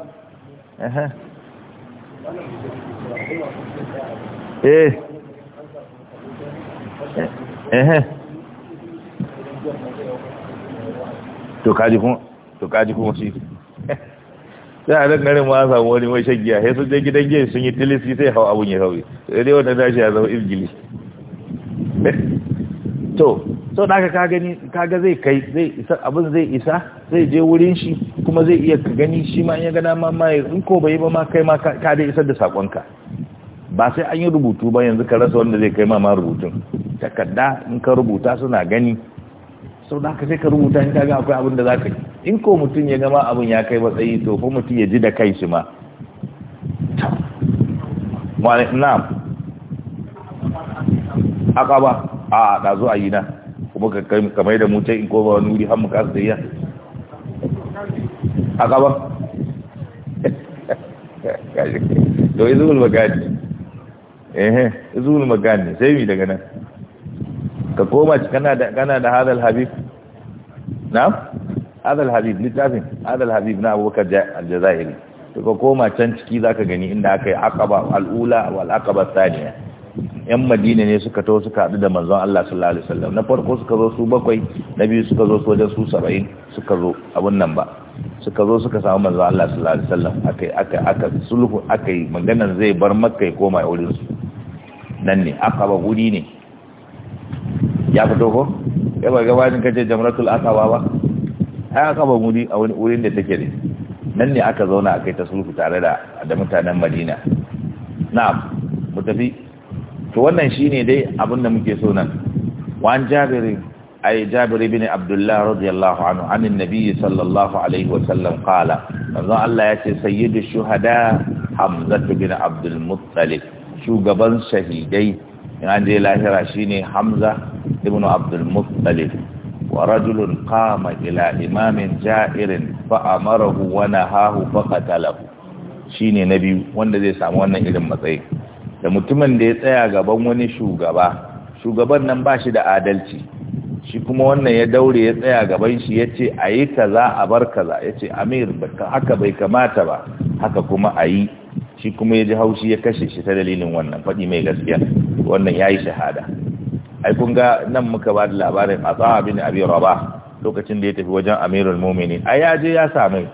eh eh to kaji kuma to kaji kuma shi sai a nan garin ma samu wani mai shan sai sun je gidan giya sun yi tilisi sai hau abin ya hauye sai dai wannan dashi ya zama ingili to so da aka gani kaga zai kai zai isa abin zai isa zai je wurin shi kuma zai iya ka gani shi ma ya gana ma mai in ko bai ba ma kai ma ka dai isar da sakonka ba sai an yi rubutu ba yanzu ka rasa wanda zai kai ma ma rubutun takarda in ka rubuta suna gani sau da haka sai ka rubuta in kaga akwai abin da za ka yi in ko mutum ya gama abin ya kai matsayi to ko mutum ya ji da kai shi ma na'am akaba a da zo a yi na kuma ka kamar da mu ce in ko ba wani wuri har mu kasa tsayiya akaba to izul magani eh izul magani sai mi daga nan ka koma kana da kana da hadal habib na'am hadal habib littafin hadal habib na abubakar aljazairi to ka koma can ciki zaka gani inda aka yi aqaba al'ula wal aqaba thaniya yan madina ne suka to suka haɗu da manzon Allah sallallahu alaihi wasallam na farko suka zo su bakwai na biyu suka zo su wajen su saba'in suka zo abun nan ba suka zo suka samu manzon Allah sallallahu alaihi wasallam aka sulhu aka yi maganar zai bar makka ya koma wurin su nan ne aqaba guri ne ya fito ko ya ba gabanin kace jamratul asaba ba ai aka ba muri a wani wurin da take ne nan ne aka zauna a kai ta sulhu tare da da mutanen Madina na'am mu tafi to wannan shine dai abin da muke so nan wan jabiri ai jabir ibn abdullah radiyallahu anhu anin nabiy sallallahu alaihi wa sallam qala manzo Allah ce sayyidu shuhada hamza bin abdul muttalib shugaban shahidai in an je lahira shine hamza ibn abdul muttalib wa rajulun ila imamin ja'irin fa amarahu wa shine na biyu wanda zai samu wannan irin matsayi da mutumin da ya tsaya gaban wani shugaba shugaban nan ba shi da adalci shi kuma wannan ya daure ya tsaya gaban shi ya ce a yi kaza a bar kaza ya ce amir haka bai kamata ba haka kuma a yi shi kuma ya ji haushi ya kashe shi ta dalilin wannan faɗi mai gaskiya wannan ya yi shahada ai kun ga nan muka ba da labarin a tsawa bin abi raba lokacin da ya tafi wajen amirul mumini ai ya je ya same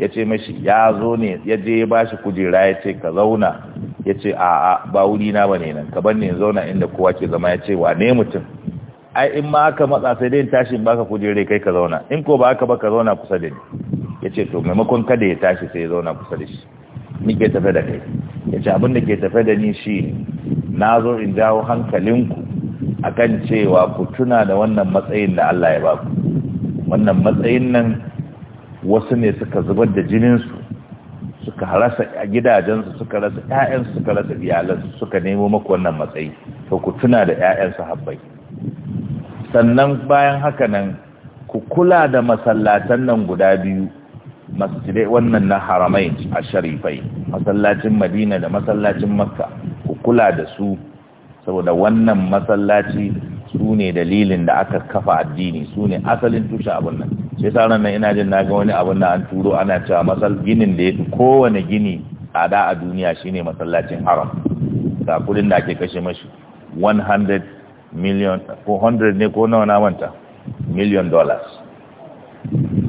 ya ce mashi ya zo ne ya je ya bashi kujera ya ce ka zauna ya ce a a ba wuri na ne nan ka bar ne zauna inda kowa ke zama ya ce wane mutum ai in ma aka matsa sai dai tashi in baka kujere kai ka zauna in ko ba aka ba ka zauna kusa da ni ya ce to maimakon kada ya tashi sai ya zauna kusa da shi nike tafe da kai ya ce abin da ke tafe da ni shi na zo in jawo hankalinku akan cewa ku tuna da wannan matsayin da Allah ya ba ku wannan matsayin nan wasu ne suka zubar da jininsu suka rasa gidajensu suka rasa ƴaƴansu suka rasa iyalansu suka nemo maku wannan matsayi to ku tuna da ƴaƴansu habbai sannan bayan haka nan ku kula da masallatan nan guda biyu masjidai wannan na haramai a sharifai masallacin madina da masallacin makka ku kula da su saboda wannan masallaci su ne dalilin da aka kafa addini su ne asalin tushen abin nan sai sa nan ina jin naga wani abin da an turo ana cewa masal ginin da ya fi kowane gini tsada a duniya shine masallacin haram ga kudin da ake kashe mashi 100 million 400 ne ko nawa na manta million dollars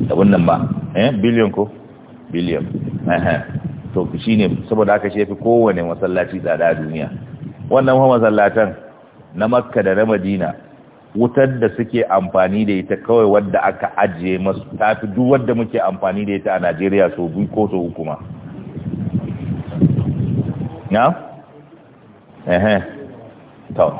da wannan ba eh biliyan ko biliyan to shi ne saboda aka shefi kowane masallaci tsada a duniya wannan kuma masallatan na makka da na madina wutar da suke amfani da ita kawai wadda aka ajiye masu tafi duk wadda muke amfani da ita a najeriya so biyu ko so uku ma na? ehe ta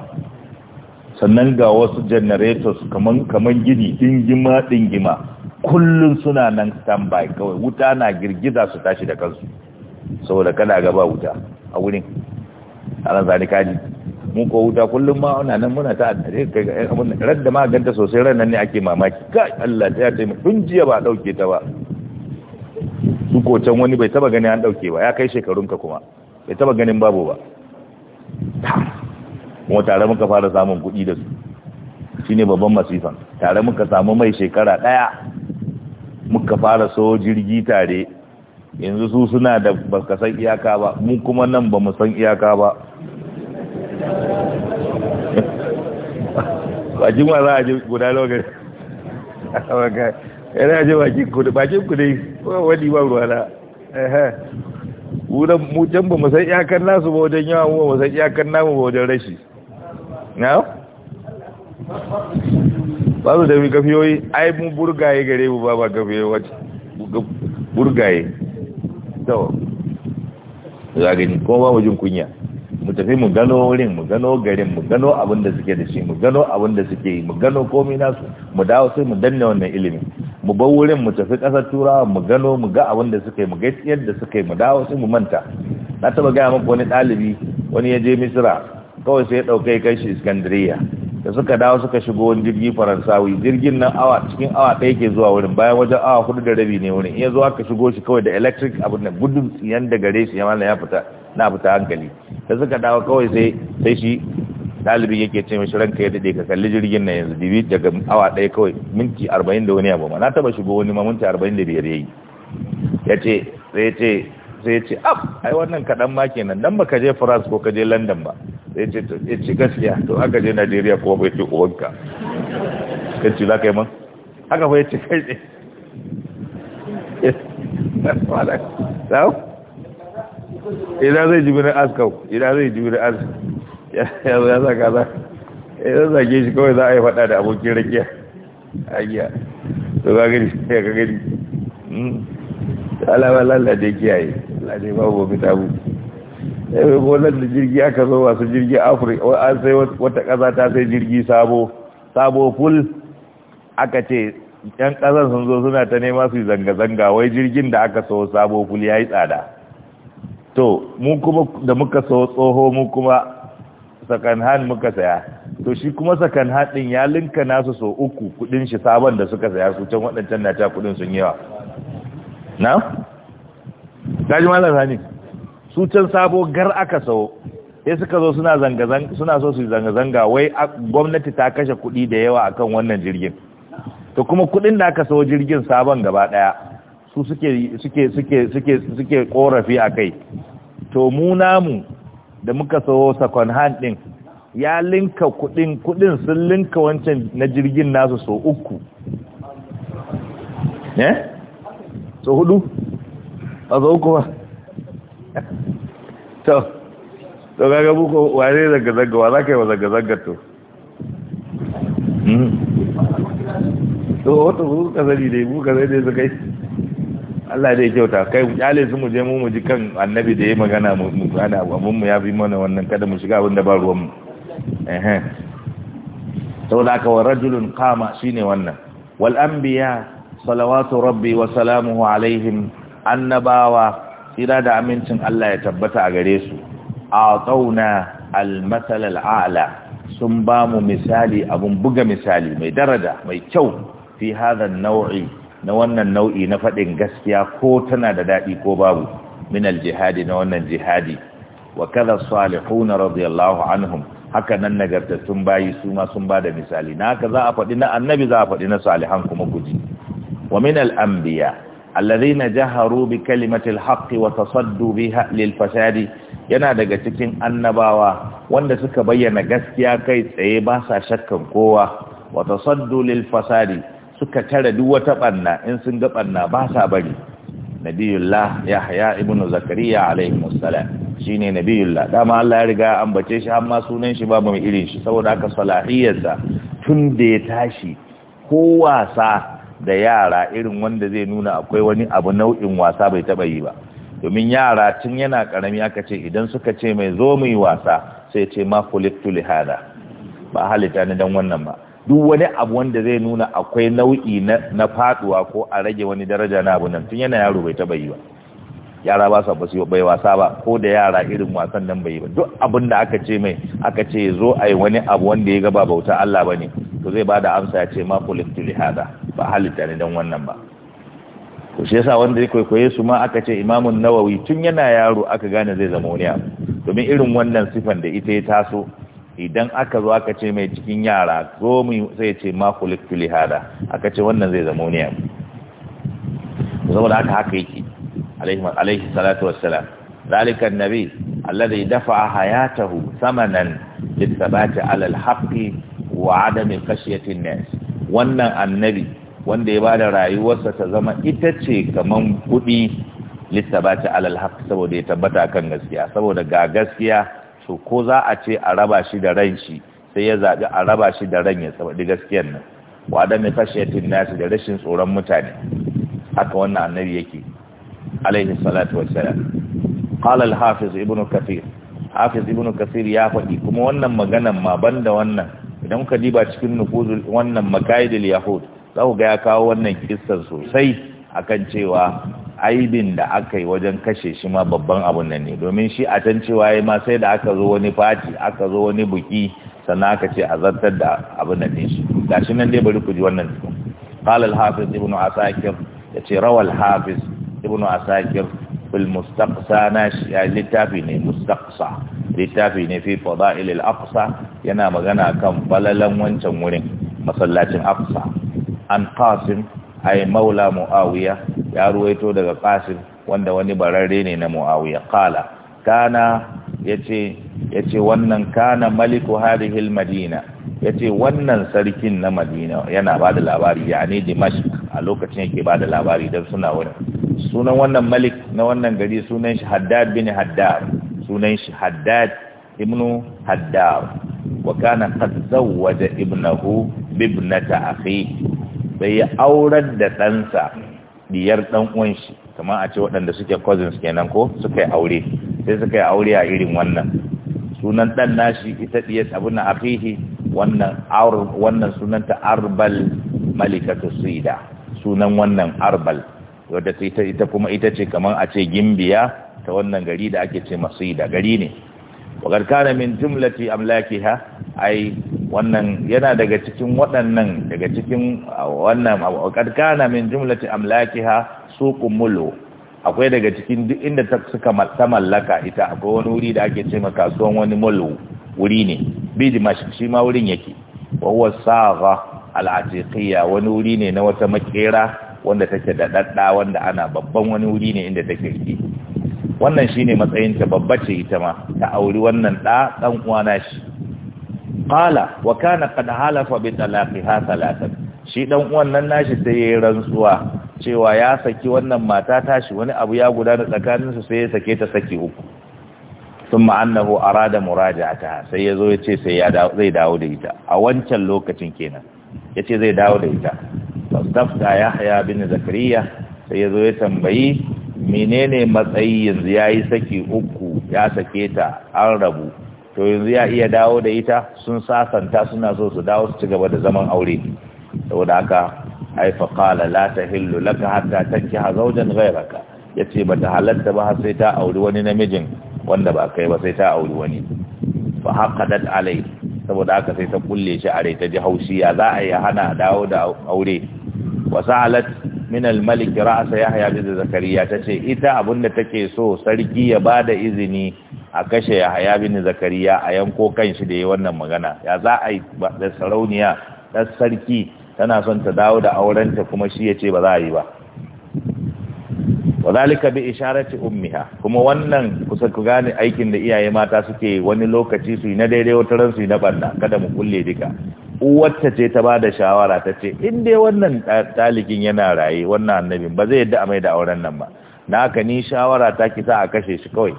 sannan ga wasu generators kaman gini dingima dingima kullum suna nan standby kawai wuta na girgiza su tashi da kansu saboda kada gaba wuta a wurin ana zani kaji mun ko wuta kullum ma ana nan muna ta addare kai ga abun nan da ma ganta sosai ran nan ne ake mamaki kai Allah ta yace mu tun jiya ba dauke ta ba su ko can wani bai taba gani an dauke ba ya kai shekarun ka kuma bai taba ganin babu ba kuma tare muka fara samun kuɗi da su shine babban masifan tare muka samu mai shekara daya muka fara so jirgi tare yanzu su suna da baka san iyaka ba mu kuma nan ba mu san iyaka ba bakin ma za a ji guda lokaci yana ji bakin kudu bakin kudu wani ba ruwa na mu mutan ba mu san iyakar nasu ba wajen yawa mu mu san iyakar namu ba wajen rashi na ba su tafi gafiyoyi ai mu burgaye gare mu ba ba gafiyoyi wacce burgaye tawa za gani kuma ba mu jin kunya mu tafi mu gano wurin mu gano garin mu gano abin da suke da shi mu gano abin da suke yi mu gano komai nasu mu dawo sai mu danne wannan ilimi mu bar wurin mu tafi ƙasar turawa mu gano mu ga abin da suke mu ga yadda suke mu dawo sai mu manta na taba gaya maka wani ɗalibi wani ya je misira kawai sai ya ɗauke kai shi iskandariya da suka dawo suka shigo wani jirgi faransawi jirgin nan awa cikin awa ɗaya ke zuwa wurin bayan wajen awa hudu da rabi ne wurin iya zuwa ka shigo shi kawai da electric abin da gudun siyan da gare shi yamma ya fita na fita hankali da suka dawo kawai sai sai shi ɗalibin yake ce mishi ranka ya daɗe ka kalli jirgin nan yanzu dibi daga awa ɗaya kawai minti arba'in da wani abu ma na taɓa shigo wani ma minti arba'in da biyar ya yi ya ce sai ya ce sai ya ce af ai wannan kaɗan ma kenan dan baka je france ko ka je london ba sai ce to ya ce gaskiya to aka je Nigeria ko bai ce uwanka kan ci za ka yi man haka bai ya ce kai ne idan zai ji birnin askau idan zai ji birnin askau ya za ka za idan zage shi kawai za a yi fada da abokin rakiya a giya to za gani ya ka gani alawa lalata ya kiyaye Allah ne babu ta bu sai gonar da jirgi aka zo wasu jirgi afirka an sai wata ƙasa ta sai jirgi sabo sabo ful aka ce yan ƙasar sun zo suna ta nema su zanga-zanga wai jirgin da aka so sabo ful ya yi tsada to mu kuma da muka so tsoho mu kuma second hand muka saya to shi kuma second hand din ya linka nasu so uku kudin shi sabon da suka saya su can waɗancan na ta kudin sun yawa na? kaji malam sani su can sabo gar aka sau ya suka zo suna so su zanga-zanga wai gwamnati ta kashe kuɗi da yawa akan wannan jirgin to kuma kuɗin da aka sau jirgin sabon gaba ɗaya su suke korafi a kai to mu namu da muka sau second hand ɗin ya linka kuɗin sun linka wancan na jirgin nasu sau uku ne? Eh? sau hudu A zo kuma to to gaga buku wane daga zanga wa za ka yi wa zanga zanga to hmm. to wata ku ka sani dai mu ka sani dai su kai Allah dai kyauta kai kyale su mu je mu mu ji kan annabi da ya magana mu ana abun mu ya fi mana wannan kada mu shiga abin da ba ruwan mu eh da aka wa rajulun qama shine wannan wal anbiya salawatu rabbi wa salamuhu alaihim annabawa tsira da amincin Allah ya tabbata a gare su a tsauna al al'ala sun ba mu misali abun buga misali mai daraja mai kyau fi hadhan nau'i na wannan nau'i na faɗin gaskiya ko tana da daɗi ko babu min jihadi na wannan jihadi wa kaza salihun radiyallahu anhum haka nan nagartattun bayi su ma sun ba da misali na haka za a faɗi na annabi za a faɗi na salihan kuma guji wa min al alladhina jaharu bi kalimatil haqqi wa tasaddu biha lil fasadi yana daga cikin annabawa wanda suka bayyana gaskiya kai tsaye ba sa shakkan kowa wa tasaddu lil fasadi suka tare duk wata banna in sun ga banna ba sa bari nabiyullah yahya ibnu zakariya alaihi wassalam shine nabiyullah dama Allah ya riga ambace shi amma sunan shi babu mai irin shi saboda haka salahiyarsa tun da ya tashi ko wasa da yara irin wanda zai nuna akwai wani abu nau'in wasa bai taba yi ba domin yara tun yana karami aka ce idan suka ce mai zo mu yi wasa sai ce ma li hada, ba halitta ne dan wannan ba duk wani abu wanda zai nuna akwai nau'i na faduwa ko a rage wani daraja na abu nan tun yana yaro bai taba yi ba yara ba su basu bai wasa ba ko da yara irin wasan nan bai yi ba duk abin da aka ce mai aka ce zo yi wani abu wanda ya ga ba bauta Allah ne to zai bada amsa ya ce ma kuliftu li hada ba halitta ne dan wannan ba to shi yasa wanda ya kwaikwaye su ma aka ce imamun nawawi tun yana yaro aka gane zai zama wani abu domin irin wannan sifan da ita ya taso idan aka zo aka ce mai cikin yara zo mu sai ce ma kuliftu li aka ce wannan zai zama wani abu saboda haka haka yake alaihi salatu wassalam ذلك النبي الذي دفع حياته ثمنا للثبات على الحق وعدم خشية الناس wannan annabi wanda ya bada rayuwarsa ta zama ita ce kaman kudi lissabati alal haq saboda ya tabbata kan gaskiya saboda ga gaskiya so ko za a ce a raba shi da ran shi sai ya zabi a raba shi da ran ya saboda gaskiyar nan wa da mai fashiyatin nasu da rashin tsoron mutane haka wannan annabi yake alaihi salatu wassalam qala al-hafiz ibn kathir hafiz ibn kathir ya faɗi kuma wannan maganan ma banda wannan idan kuka diba cikin nufuzul wannan makaidil yahud za ku ga ya kawo wannan kissar sosai akan cewa aibin da aka yi wajen kashe shi ma babban abun nan ne domin shi a can cewa ya ma sai da aka zo wani fati aka zo wani buki sannan aka ce a zartar da abun nan ne shi gashi nan dai bari ku ji wannan tukun qala al-hafiz ibn asakir yace rawal hafiz ibnu asakir fil mustaqsa na littafi ne mustaqsa littafi ne fi fada'il al-aqsa yana magana kan falalan wancan wurin masallacin aqsa an qasim ay maula muawiya ya ruwaito daga qasim wanda wani bararre ne na muawiya qala kana yace yace wannan kana maliku hadhihi almadina yace wannan sarkin na madina yana bada labari yani dimashq a lokacin yake bada labari dan suna wurin sunan wannan malik na wannan gari sunan shi haddad bin haddad sunan shi haddad ibnu haddad wa kana qad zawwaja ibnahu bibnata akhi bai aurar da ɗansa diyar ɗan uwan shi kamar a ce waɗanda suke cousins kenan ko suka yi aure sai suka yi aure a irin wannan sunan ɗan nashi ita ɗiyar abin na afihi wannan sunan ta arbal malikatu sida sunan wannan arbal wadda ita kuma ita ce kamar a ce gimbiya ta wannan gari da ake ce masida gari ne wakar kana min amlaki amlakiha ai wannan yana daga cikin waɗannan daga cikin wannan wakar kana min amlaki amlakiha suqun mulo akwai daga cikin duk inda ta suka ta mallaka ita akwai wani wuri da ake ce ma kasuwan wani mulo wuri ne bi dimashq shi ma wurin yake wa huwa sagha al wani wuri ne na wata makera wanda take da dadda wanda ana babban wani wuri ne inda take rike wannan shine matsayin ta babba ce ita ma ta auri wannan da dan uwana shi qala wa kana qad halafa bi talaqiha thalathan shi dan uwan nan nashi sai ya rantsuwa cewa ya saki wannan mata tashi wani abu ya gudana tsakaninsu sai ya sake ta saki uku sun ma'annahu arada ta sai ya zo ya ce sai zai dawo da ita a wancan lokacin kenan ya ce zai dawo da ita ya haya bin zakariya sai ya zo ya tambayi menene matsayi yanzu ya yi saki uku ya sake ta an rabu to yanzu ya iya dawo da ita sun sasanta suna so su dawo su ci gaba da zaman aure saboda haka ai fa qala la tahillu laka hatta tankiha zawjan ghayraka yace bata halatta ba sai ta auri wani namijin wanda ba kai ba sai ta auri wani fa haqadat alai saboda haka sai ta kulle shi are ta ji haushi ya za a yi hana dawo da aure wa sa'alat min al-malik ra'sa yahya bin zakariya tace ita abinda take so sarki ya bada izini a kashe yahya bin zakariya a yanko kanshi da yi wannan magana ya za a yi da sarauniya da sarki tana son ta dawo da aurenta kuma shi ya ce ba za a yi ba wadalika bi isharati ummiha kuma wannan kusa ku gane aikin da iyaye mata suke wani lokaci su na daidai wata ran su yi na banda kada mu kulle duka uwarta ce ta bada shawara ta ce in dai wannan talikin yana raye wannan annabin ba zai yadda a mai da auren nan ba na haka ni shawara ta kisa a kashe shi kawai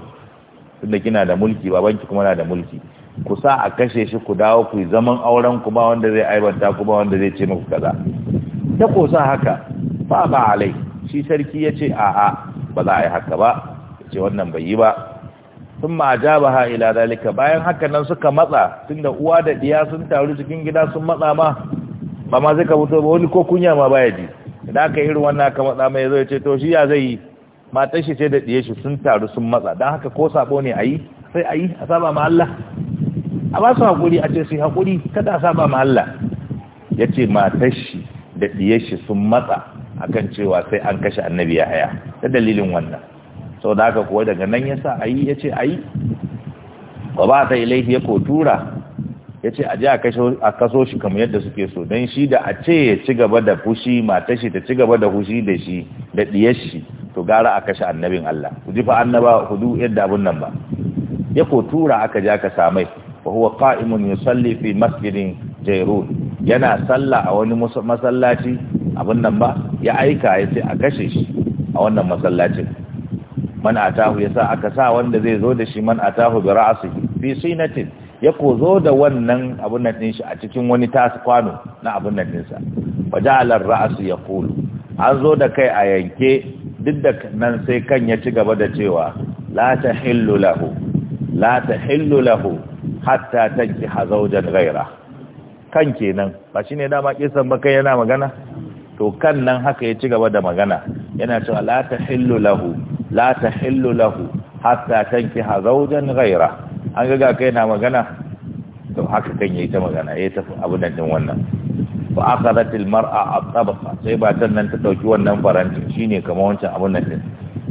tunda kina da mulki babanki kuma na da mulki ku sa a kashe shi ku dawo ku yi zaman auren ku ba wanda zai aibanta ku ba wanda zai ce muku kaza ta ko sa haka ba ba alai shi sarki ya ce a'a ba za a yi haka ba ya ce wannan bai yi ba sun ma ajaba ha ila dalika bayan haka nan suka matsa tun da uwa da ɗiya sun taru cikin gida sun matsa ma ba ma zai ka fito ba wani ko kunya ma baya ji idan aka irin wannan aka matsa mai zai ce to shi ya zai yi matan shi ce da diye shi sun taru sun matsa don haka ko sabo ne a yi sai a yi a saba ma Allah a ba su haƙuri a ce su haƙuri kada sa ba mahalla ya ce matashi da ɗiyar sun matsa a kan cewa sai an kashe annabi ya haya ta dalilin wannan sau da haka kuwa daga nan ya sa a yi ya ce a yi ba ba ta ilaihi ya ko tura ya ce a je a kaso shi kamar yadda suke so don shi da a ce ya ci gaba da fushi matashi ta ci gaba da fushi da shi da ɗiyar to gara a kashe annabin Allah ku ji fa annaba hudu yadda abun nan ba ya ko tura aka je aka samai wa huwa qa'imun yusalli fi masjidin jairun yana salla a wani masallaci abun nan ba ya aika ya ce a kashe shi a wannan masallacin man atahu yasa aka sa wanda zai zo da shi man atahu bi ra'sihi fi sinatin ya ko zo da wannan abun nan din shi a cikin wani tas na abun nan din sa waja'ala ar-ra's yaqulu an zo da kai a yanke duk da nan sai kan ya ci gaba da cewa la tahillu lahu la tahillu lahu hatta tanki hazaujan gaira kan kenan ba shine dama kisan ba kai yana magana to kan nan haka ya ci gaba da magana yana cewa la tahillu lahu la tahillu lahu hatta tanki hazaujan gaira an ga kai yana magana to haka kan yayi ta magana yayi ta abu nan din wannan fa akhadhat al mar'a at-tabqa sai batan nan ta dauki wannan farantin shine kamar wancan abun nan din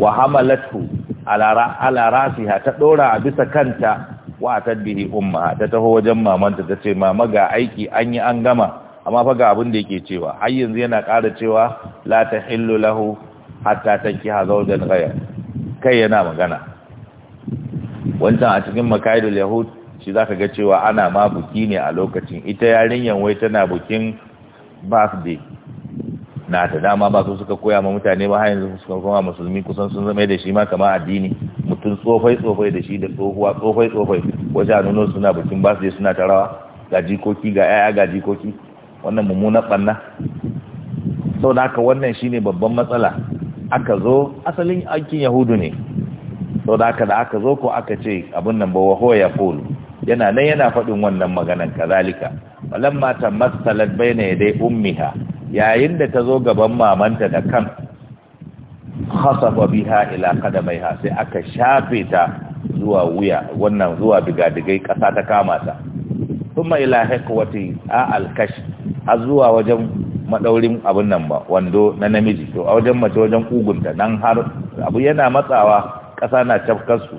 wa hamalathu ala ala rasiha ta dora a bisa kanta wa atat bihi umma ta taho wajen mamanta ta ce mama ga aiki an yi an gama amma fa ga abin da yake cewa har yanzu yana ƙara cewa la tahillu lahu hatta tankiha zawjan ghayr kai yana magana wancan a cikin makaidul yahud shi zaka ga cewa ana ma buki ne a lokacin ita yarinyar wai tana bukin birthday na ta dama ba su suka koya ma mutane ba har yanzu suka kuma musulmi kusan sun zama da shi ma kamar addini mutum tsofai tsofai da shi da tsohuwa tsofai tsofai wajen a nuno suna bikin ba su suna ta rawa ga jikoki ga yaya ga jikoki wannan mummunan ɓanna sau da aka wannan shine babban matsala aka zo asalin aikin yahudu ne sau da aka da aka zo ko aka ce abin nan ba waho ya fulu yana nan yana faɗin wannan maganan kazalika balan mata matsalar bai na dai ummiha yayin da ta zo gaban mamanta da kan khasafa biha ila ha sai aka shafe ta zuwa wuya wannan zuwa diga-digai kasa ta kama ta kuma ila hakwati a alkash har zuwa wajen madaurin abin nan ba wando na namiji to a wajen mace wajen kugunta nan har abu yana matsawa kasa na su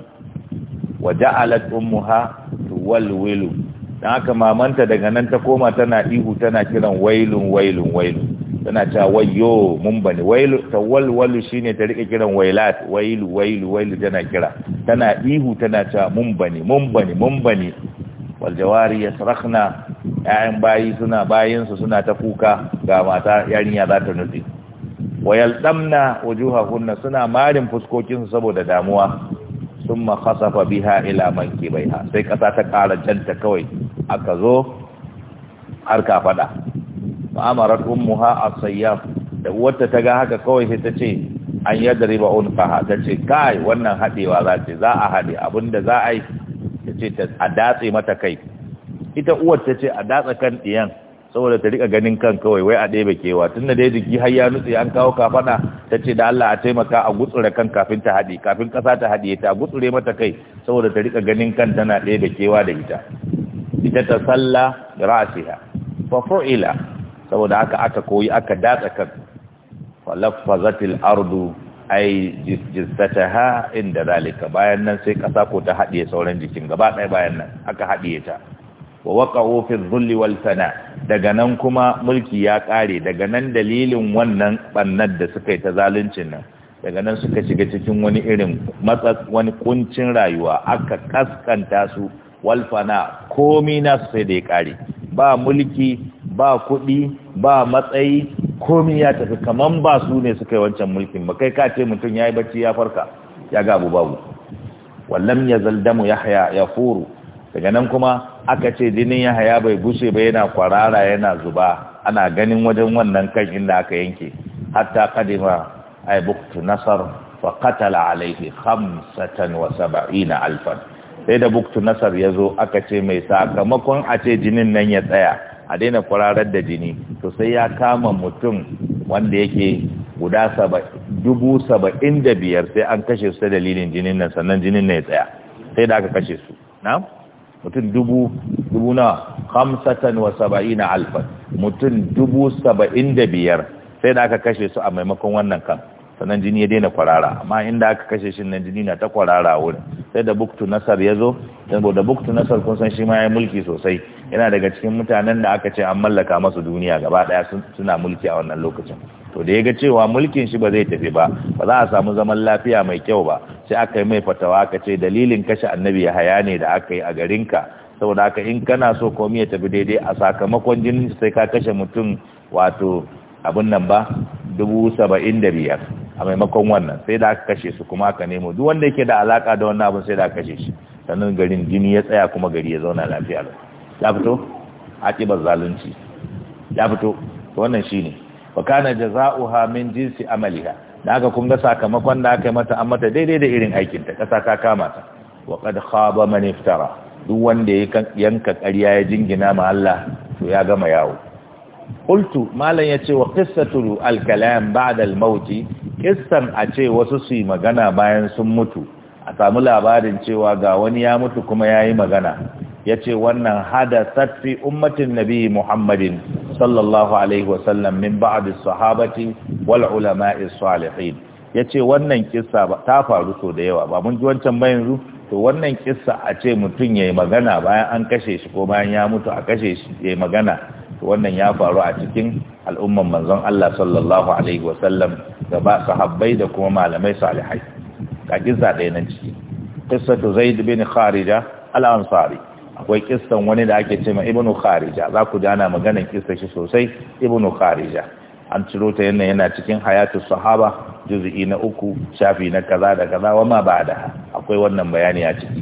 wa ja'alat ummuha wailu dan haka mamanta daga nan ta koma tana ihu tana kiran wailun wailun wailun tana ta wayo mun bane wailu tawalwalu shine ta rike kiran wailat wailu wailu wailu tana kira tana ihu tana ta mun bane mun bane mun bane wal jawari yasrakhna ya'an bayi suna bayin su suna ta kuka ga mata yarinya za ta nutse wayaldamna wujuhahunna suna marin fuskokin su saboda damuwa summa khasafa biha ila mankibaiha sai kasa ta kara janta kawai aka zo har ka fada fa'amarat ummuha as-sayyaf da uwarta ta ga haka kawai sai ta ce an yadriba unqaha ta ce kai wannan hadewa za ce za a hade abinda za a yi ta ce a datse mata kai ita uwar ta ce a datsa kan diyan saboda ta rika ganin kan kawai wai a ɗebe kewa tun da dai jiki har ya nutse an kawo kafana, ta ce da Allah a taimaka a gutsure kan kafin ta hade kafin ƙasa ta haɗiye ta gutsure mata kai saboda ta rika ganin kan tana ɗebe kewa da ita ita ta salla rasiha fa fu'ila saboda haka aka koyi aka datsa kan falaffazatil ardu ay jizzataha inda zalika bayan nan sai kasa ko ta haɗiye sauran jikin gaba ɗaya bayan nan aka haɗiye ta wa waqa'u fi dhulli wal fana daga nan kuma mulki ya kare daga nan dalilin wannan bannar da suka yi ta zaluncin nan daga nan suka shiga cikin wani irin matsa wani kuncin rayuwa aka kaskanta su walfana komi na su sai da ya kare ba mulki ba kuɗi ba matsayi komi ya tafi kaman ba su ne suka yi wancan mulkin ba kai ka ce mutum ya yi bacci ya farka ya ga abu babu wallam ya zaldamu ya haya ya furu daga nan kuma aka ce jinin ya haya bai bushe ba yana kwarara yana zuba ana ganin wajen wannan kan inda aka yanke hatta kadima ai buktu nasar fa qatala alayhi 75 alfan sai da buktu nasar ya zo aka ce mai sakamakon a ce jinin nan ya tsaya a daina kwararar da jini to sai ya kama mutum wanda yake guda dubu saba'in da biyar sai an kashe su ta dalilin jinin nan sannan jinin nan ya tsaya sai da aka kashe su na mutum dubu dubu na hamsatan wa na alfan mutum dubu saba'in da biyar sai da aka kashe su a maimakon wannan kan sannan jini ya daina kwarara amma inda aka kashe shi nan jini na ta kwarara a wurin sai da buktu nasar ya zo saboda buktu nasar kun san shi ma ya mulki sosai yana daga cikin mutanen da aka ce an mallaka masu duniya gaba daya suna mulki a wannan lokacin to da ya ga cewa mulkin shi ba zai tafi ba ba za a samu zaman lafiya mai kyau ba sai aka yi mai fatawa aka ce dalilin kashe annabi ya haya ne da aka yi a garinka saboda haka in kana so komi ya tafi daidai a sakamakon jinin sai ka kashe mutum wato abin nan ba dubu saba'in da biyar a maimakon wannan sai da aka kashe su kuma aka nemo duk wanda yake da alaka da wannan abin sai da aka kashe shi sannan garin jini ya tsaya kuma gari ya zauna lafiya lau ya fito ba zalunci ya fito wannan shi ne wa kana jazaoha min jinsi amaliha da aka kunga sakamakon da aka yi mata an mata daidai da irin aikinta. Ƙasa ta kama ta wa kad khaba man iftara duk wanda ya yanka ƙarya ya jingina ma Allah to ya gama yawo hultu malam yace wa qissatul al-kalam ba'da al-maut a ce wasu su yi magana bayan sun mutu a samu labarin cewa ga wani ya mutu kuma yayi magana yace wannan hada fi ummatin nabi muhammadin sallallahu alaihi wasallam min sahabati wal ulama'i yace wannan kissa ta faru so da yawa ba mun ji wancan ba yanzu to wannan kissa a ce mutum yayi magana bayan an kashe shi ko bayan ya mutu a kashe shi yayi magana wannan ya faru a cikin al'umman manzon Allah sallallahu alaihi wasallam da ba sahabbai da kuma malamai salihai ga kissa ɗaya nan ciki qissatu zaid bin kharija al-ansari akwai kissan wani da ake cewa ibnu kharija za ku jana maganar kissar shi sosai ibnu kharija an ciro ta yana yana cikin hayatu sahaba juz'i na uku shafi na kaza da kaza wa ma ba'da akwai wannan bayani a ciki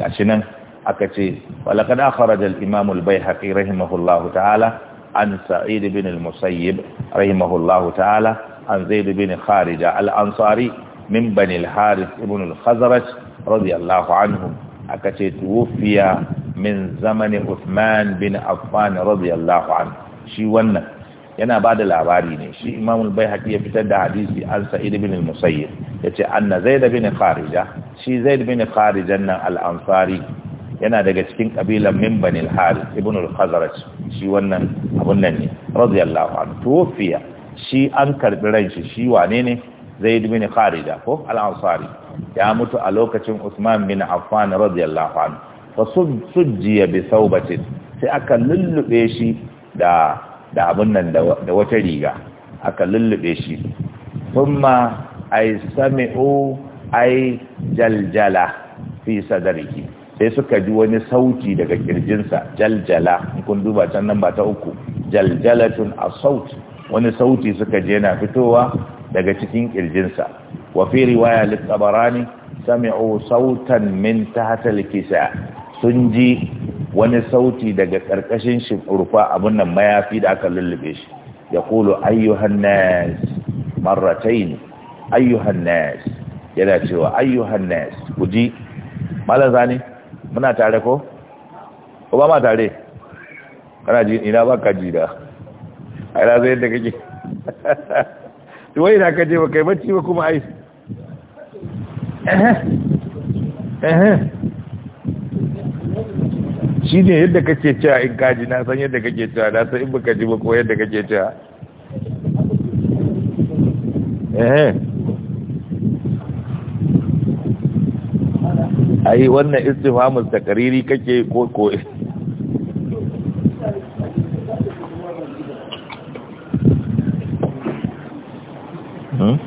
gashi nan akace ce walaqad akhraj al-imam al-baihaqi rahimahullahu ta'ala an sa'id bin al-musayyib rahimahullahu ta'ala an zaid bin kharija al-ansari min bani al-harith ibn al-khazraj radiyallahu anhum akace tuwfiya min zamani Uthman bin Affan radiyallahu anhu shi wannan yana bada labari ne shi Imam al-Baihaqi ya fitar da hadisi an Sa'id bin al-Musayyib yace anna Zaid bin Kharija shi Zaid bin Kharijan al-Ansari yana daga cikin ƙabilan min banil harith ibn al-khazraj shi wannan abun nan ne radiyallahu anhu tuwfiya shi an karbi ran shi shi wane ne zaid bin kharija ko al-ansari ya mutu a lokacin usman bin affan radiyallahu anhu fa sujjiya bi saubatin sai aka lullube shi da da abun nan da wata riga aka lullube shi thumma ay sami'u ai jaljala fi sadrihi sai suka ji wani sauti daga kirjinsa jaljala kun duba can nan ba ta uku jaljalatun a sauti wani sauti suka ji yana fitowa daga cikin kirjinsa wa fi riwaya littabarani sami'u sautan min kisa sun ji wani sauti daga karkashin shimurfa abun nan mayafi da aka lullube shi yaqulu ayyuhan nas marratayn ayyuhan nas yana cewa ayyuhan nas kuji ne. muna tare ko ko ba ma tare kana ji ina ba ka ji da ai da zai da kake wai da ka ba kai bacci ba kuma ai eh eh shi ne yadda kake cewa in kaji na san yadda kake cewa na san in ba ka ji ba ko yadda kake cewa eh Ayi, wannan ta takariri kake ko ko hmm?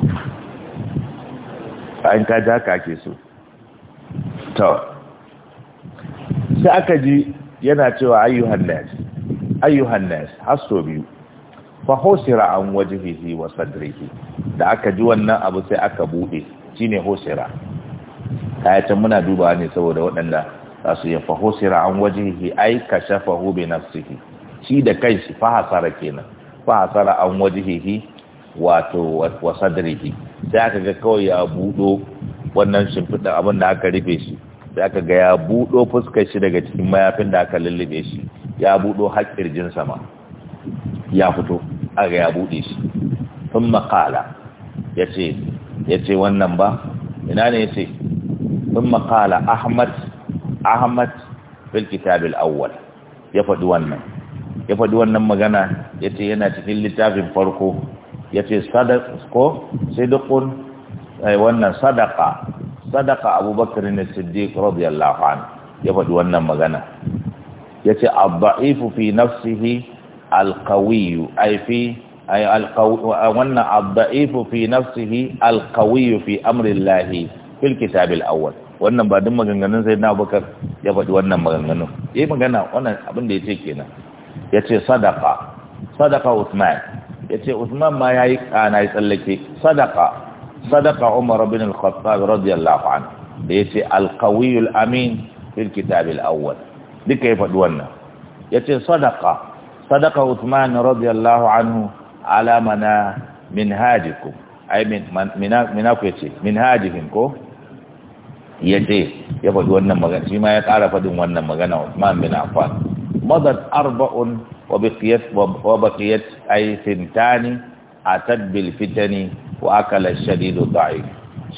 an ka ji haka ake so to sai aka ji yana cewa ayyuhan nas ayyuhan nas hasso biyu fa hosira an wajhihi wa sadrihi da aka ji wannan abu sai aka bude shine hosira. ayatan muna dubawa ne saboda waɗanda za su yi sira an hi ai hube na suke shi da kanshi fahasara kenan fahasara an waje hi wato wa sadrihi sai aka ga kawai ya budo wannan shimfiɗa abin da aka rufe shi sai aka ga ya budo fuskar shi daga cikin mayafin da aka lullube shi ya budo haƙƙir jin sama ya fito aka ya buɗe shi sun makala ya ce wannan ba ina ne ya ce sun makala ahmad ahmad fil kitabil awwal ya faɗi wannan ya faɗi wannan magana ya ce yana cikin littafin farko ya ce ko sadakun wannan sadaka sadaka abubakar ne siddiq radiyallahu anhu ya faɗi wannan magana ya ce abba'ifu fi nafsihi alkawiyu ai fi wannan abba'ifu fi nafsihi alkawiyu fi amrillahi fil awwal wannan ba duk maganganun sai na bakar ya faɗi wannan maganganun ya yi magana wannan abin da ya ce kenan ya ce sadaka sadaka usman ya ce usman ma ya yi ƙana ya tsallake sadaka sadaka umar bin al-khattab radiyallahu anhu da ya ce alkawiyul amin fil kitab al-awwal duka ya faɗi wannan ya ce sadaka sadaka usman radiyallahu anhu alamana min hajikum ai min ku ya ce min hajihim ko ya ce ya faɗi wannan magana shi ma ya ƙara faɗin wannan magana Usman bin Affan madat arba'un wa baqiyat wa baqiyat ay sintani atad bil fitani wa akala shadidu da'i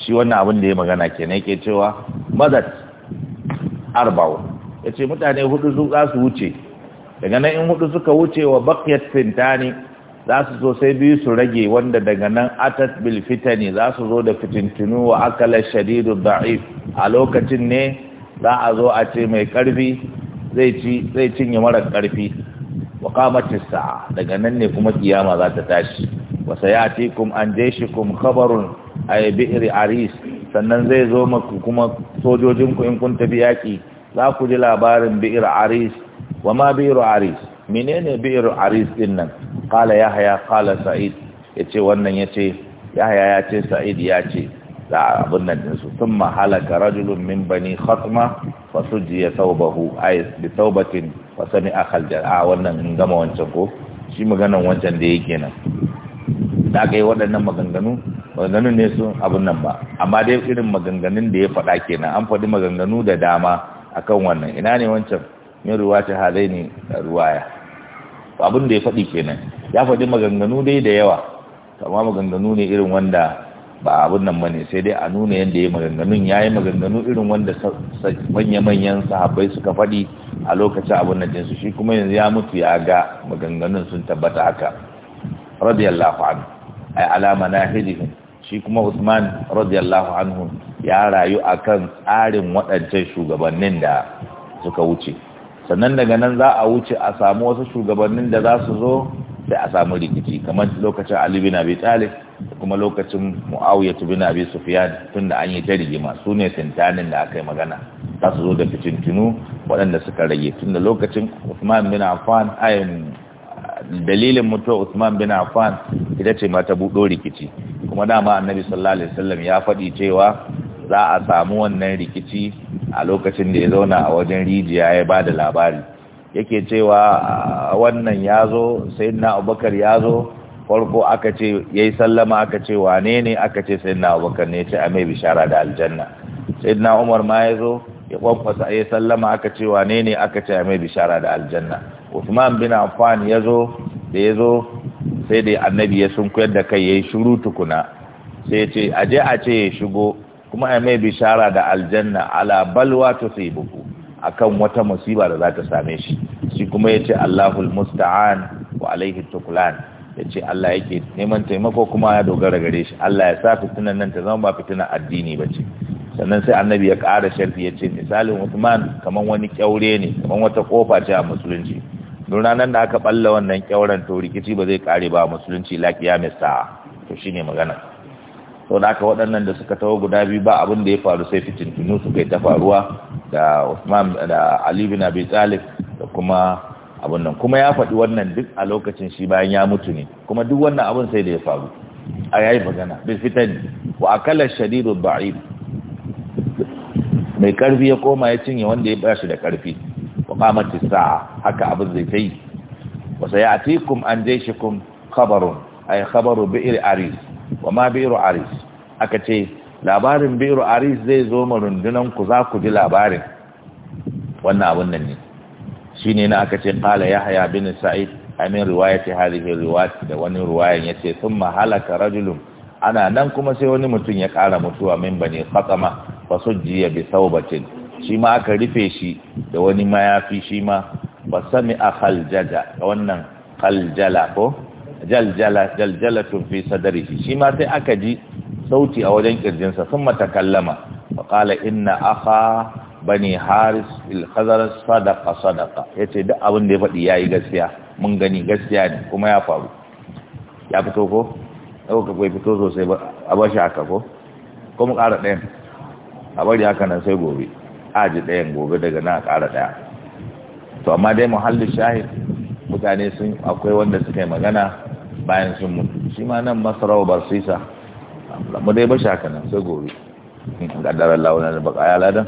shi wannan abin da ya magana kenan yake cewa madat arba'u yace mutane hudu su za su wuce daga nan in hudu suka wuce wa baqiyat sintani za su zo sai biyu su rage wanda daga nan atat bil fitani za su zo da fitintunu wa akala shadidu da'if a lokacin ne za a zo a ce mai karfi zai cinye mara karfi wa qamatis sa'a daga nan ne kuma kiyama za ta tashi wa sayatikum an jayshikum khabarun ay bi'r aris sannan zai zo maku kuma sojojinku in kun tafi yaki za ku ji labarin bi'r aris wa ma bi'r aris menene bi'ir aris din nan qala yahya qala sa'id ya ce wannan yace yahya yace sa'id ya ce za a abin nan din su tun thumma halaka rajulun min bani khatma ya sujiya thawbahu ay bi thawbatin fa sami'a khaljal a ah, wannan in gama wancan ko shi maganan wancan da yake nan da aka yi waɗannan maganganu maganganun ne sun abin nan ba amma dai irin maganganun da ya faɗa kenan an faɗi maganganu da dama akan wannan ina ne wancan min ruwa ruwata halaini ruwaya abin da ya faɗi kenan ya faɗi maganganu dai da yawa amma maganganu ne irin wanda ba abin nan bane sai dai a nuna yadda ya maganganun ya yi maganganu irin wanda manya-manyan sahabbai suka faɗi a lokacin abin nan jinsu shi kuma yanzu ya mutu ya ga maganganun sun tabbata haka radiyallahu anhu ai alama na hijihim shi kuma Usman radiyallahu anhu ya rayu akan tsarin waɗancan shugabannin da suka wuce sannan daga nan za a wuce a samu wasu shugabannin da za su zo sai a samu rikici kamar lokacin Ali bin Abi Talib kuma lokacin Muawiya bin Abi Sufyan tunda an yi ta rigima su ne sintanin da aka yi magana za su zo da tunu waɗanda suka rage tunda lokacin Usman bin Affan ayin dalilin mutuwa Usman bin Affan ita ce ma ta buɗo rikici kuma dama Annabi sallallahu alaihi wasallam ya faɗi cewa za a samu wannan rikici a lokacin da ya zauna a wajen rijiya ya ba da labari yake cewa wannan ya zo sai na abubakar ya zo farko aka ce ya yi sallama aka ce wane ne aka ce sai na abubakar ne ce a mai bishara da aljanna sai na umar ma ya zo ya kwakwasa ya sallama aka ce wane ne aka ce a mai bishara da aljanna usman bin affan ya zo da ya zo sai da annabi ya sun kuyar da kai ya yi shuru tukuna sai ce aje a ce ya shigo kuma ai mai bishara da aljanna ala balwa tusibuhu akan wata musiba da za ta same shi shi kuma yace Allahul musta'an wa alaihi tuklan yace Allah yake neman taimako kuma ya dogara gare shi Allah ya sa fitinan nan ta zama ba fitina addini ce. sannan sai annabi ya ƙara sharfi yace misalin Uthman kaman wani kyaure ne kaman wata kofa ce a musulunci don ranar da aka balla wannan kyauren to rikici ba zai kare ba musulunci lafiya mai sa'a to shine magana sau da aka waɗannan da suka taho guda biyu ba abin da ya faru sai fitintunu su kai ta faruwa da Usman da Ali bin Abi Talib da kuma abin nan kuma ya faɗi wannan duk a lokacin shi bayan ya mutu ne kuma duk wannan abin sai da ya faru a yayi magana bil fitan wa akala shadidu ba'id mai karfi ya koma ya cinye wanda ya bashi da karfi wa qamati sa'a haka abin zai kai wa sayatikum an jayshikum khabarun ay khabaru bi'ir aris wa ma biro aris aka ce labarin biro aris zai zo ma rundunan ku za ku ji labarin wannan abun nan ne Shi ne na aka ce ya haya bin sa'id amin riwayati halihin riwayat da wani riwayan yace sun mahalaka rajulun ana nan kuma sai wani mutum ya kara mutuwa min ba su jiya bi saubatin shi ma aka rufe shi da wani mayafi shi ma ba sami a khaljaja wannan khaljala ko jaljala jaljalatun fi sadrihi shi ma sai aka ji sauti a wajen kirjinsa sun matakallama wa kala inna aka bani haris il sadaka sadaka ya ce duk abin da ya faɗi yayi gaskiya mun gani gaskiya ne kuma ya faru ya fito ko ɗauka ka kai fito sosai ba a bashi haka ko ko mu ƙara ɗayan a bari haka nan sai gobe a ji ɗayan gobe daga na a ƙara ɗaya to amma dai muhallin shahid mutane sun akwai wanda suka yi magana bayan sun mutu shi ma nan masarau barsisa mu dai bashi haka nan sai gobe gadar Allah launar da baka ya ladan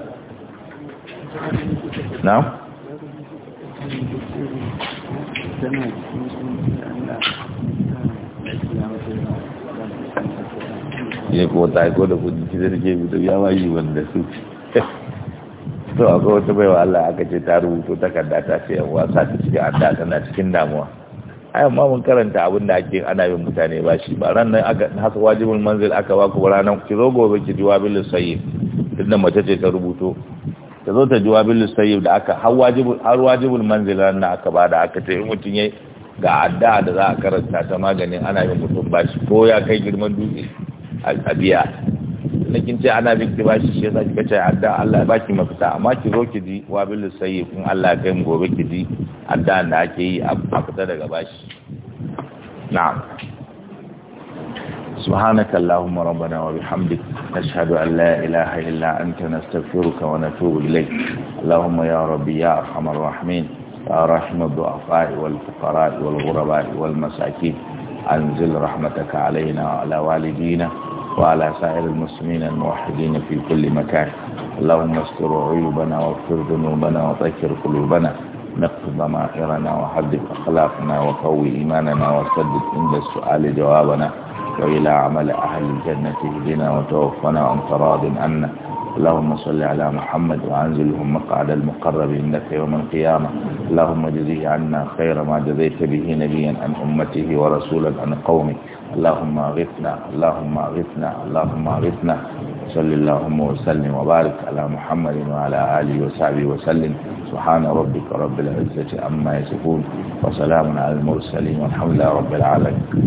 na? ya ko ta ko da kudi ki zai ke mutu ya wayi wanda su to akwai wata baiwa Allah aka ce ta rubuto takarda ta ce yan wasa ta cikin adda tana cikin damuwa ayan ma mun karanta abin da ake ana yin mutane ba shi ba ran nan aka hasa wajibul manzil aka ba ku ranan ki zo gobe ki jawabin sayyid tunda mace ce ta rubuto ta zo ta jawabin sayyid da aka har wajibul har wajibul manzil ran aka ba da aka tafi mutun yayi ga adda da za a karanta ta maganin ana yin mutum ba shi ko ya kai girman dutse a biya nakin ce ana bin ki ba shi shi yasa kika ce adda Allah ya baki mafita amma ki zo ki ji wabil sayyid in Allah ya kai mu gobe ki ji a da ake yi a fita daga bashi na'am subhanaka allahumma rabbana wa bihamdik nashhadu an la ilaha illa anta nastaghfiruka wa natubu ilayk allahumma ya rabbi ya arhamar rahimin ya rahimud du'afa wal fuqara wal ghuraba wal masakin anzil rahmataka alayna wa ala walidina wa ala sa'ir al muslimin al muwahhidin fi kulli makan اللهم استر عيوبنا واغفر ذنوبنا وطهر قلوبنا نقض ضمائرنا وحدث أخلاقنا وقوي إيماننا وسدد عند السؤال جوابنا وإلى عمل أهل الجنة اهدنا وتوفنا عن تراض عنا اللهم صل على محمد وأنزلهم مقعد المقرب إنك يوم القيامة اللهم جزيه عنا خير ما جزيت به نبيا عن أمته ورسولا عن قومه اللهم اغثنا اللهم اغثنا اللهم اغثنا صل اللهم وسلم وبارك على محمد وعلى آله وصحبه وسلم سبحان ربك رب العزة عما يصفون وسلام على المرسلين والحمد لله رب العالمين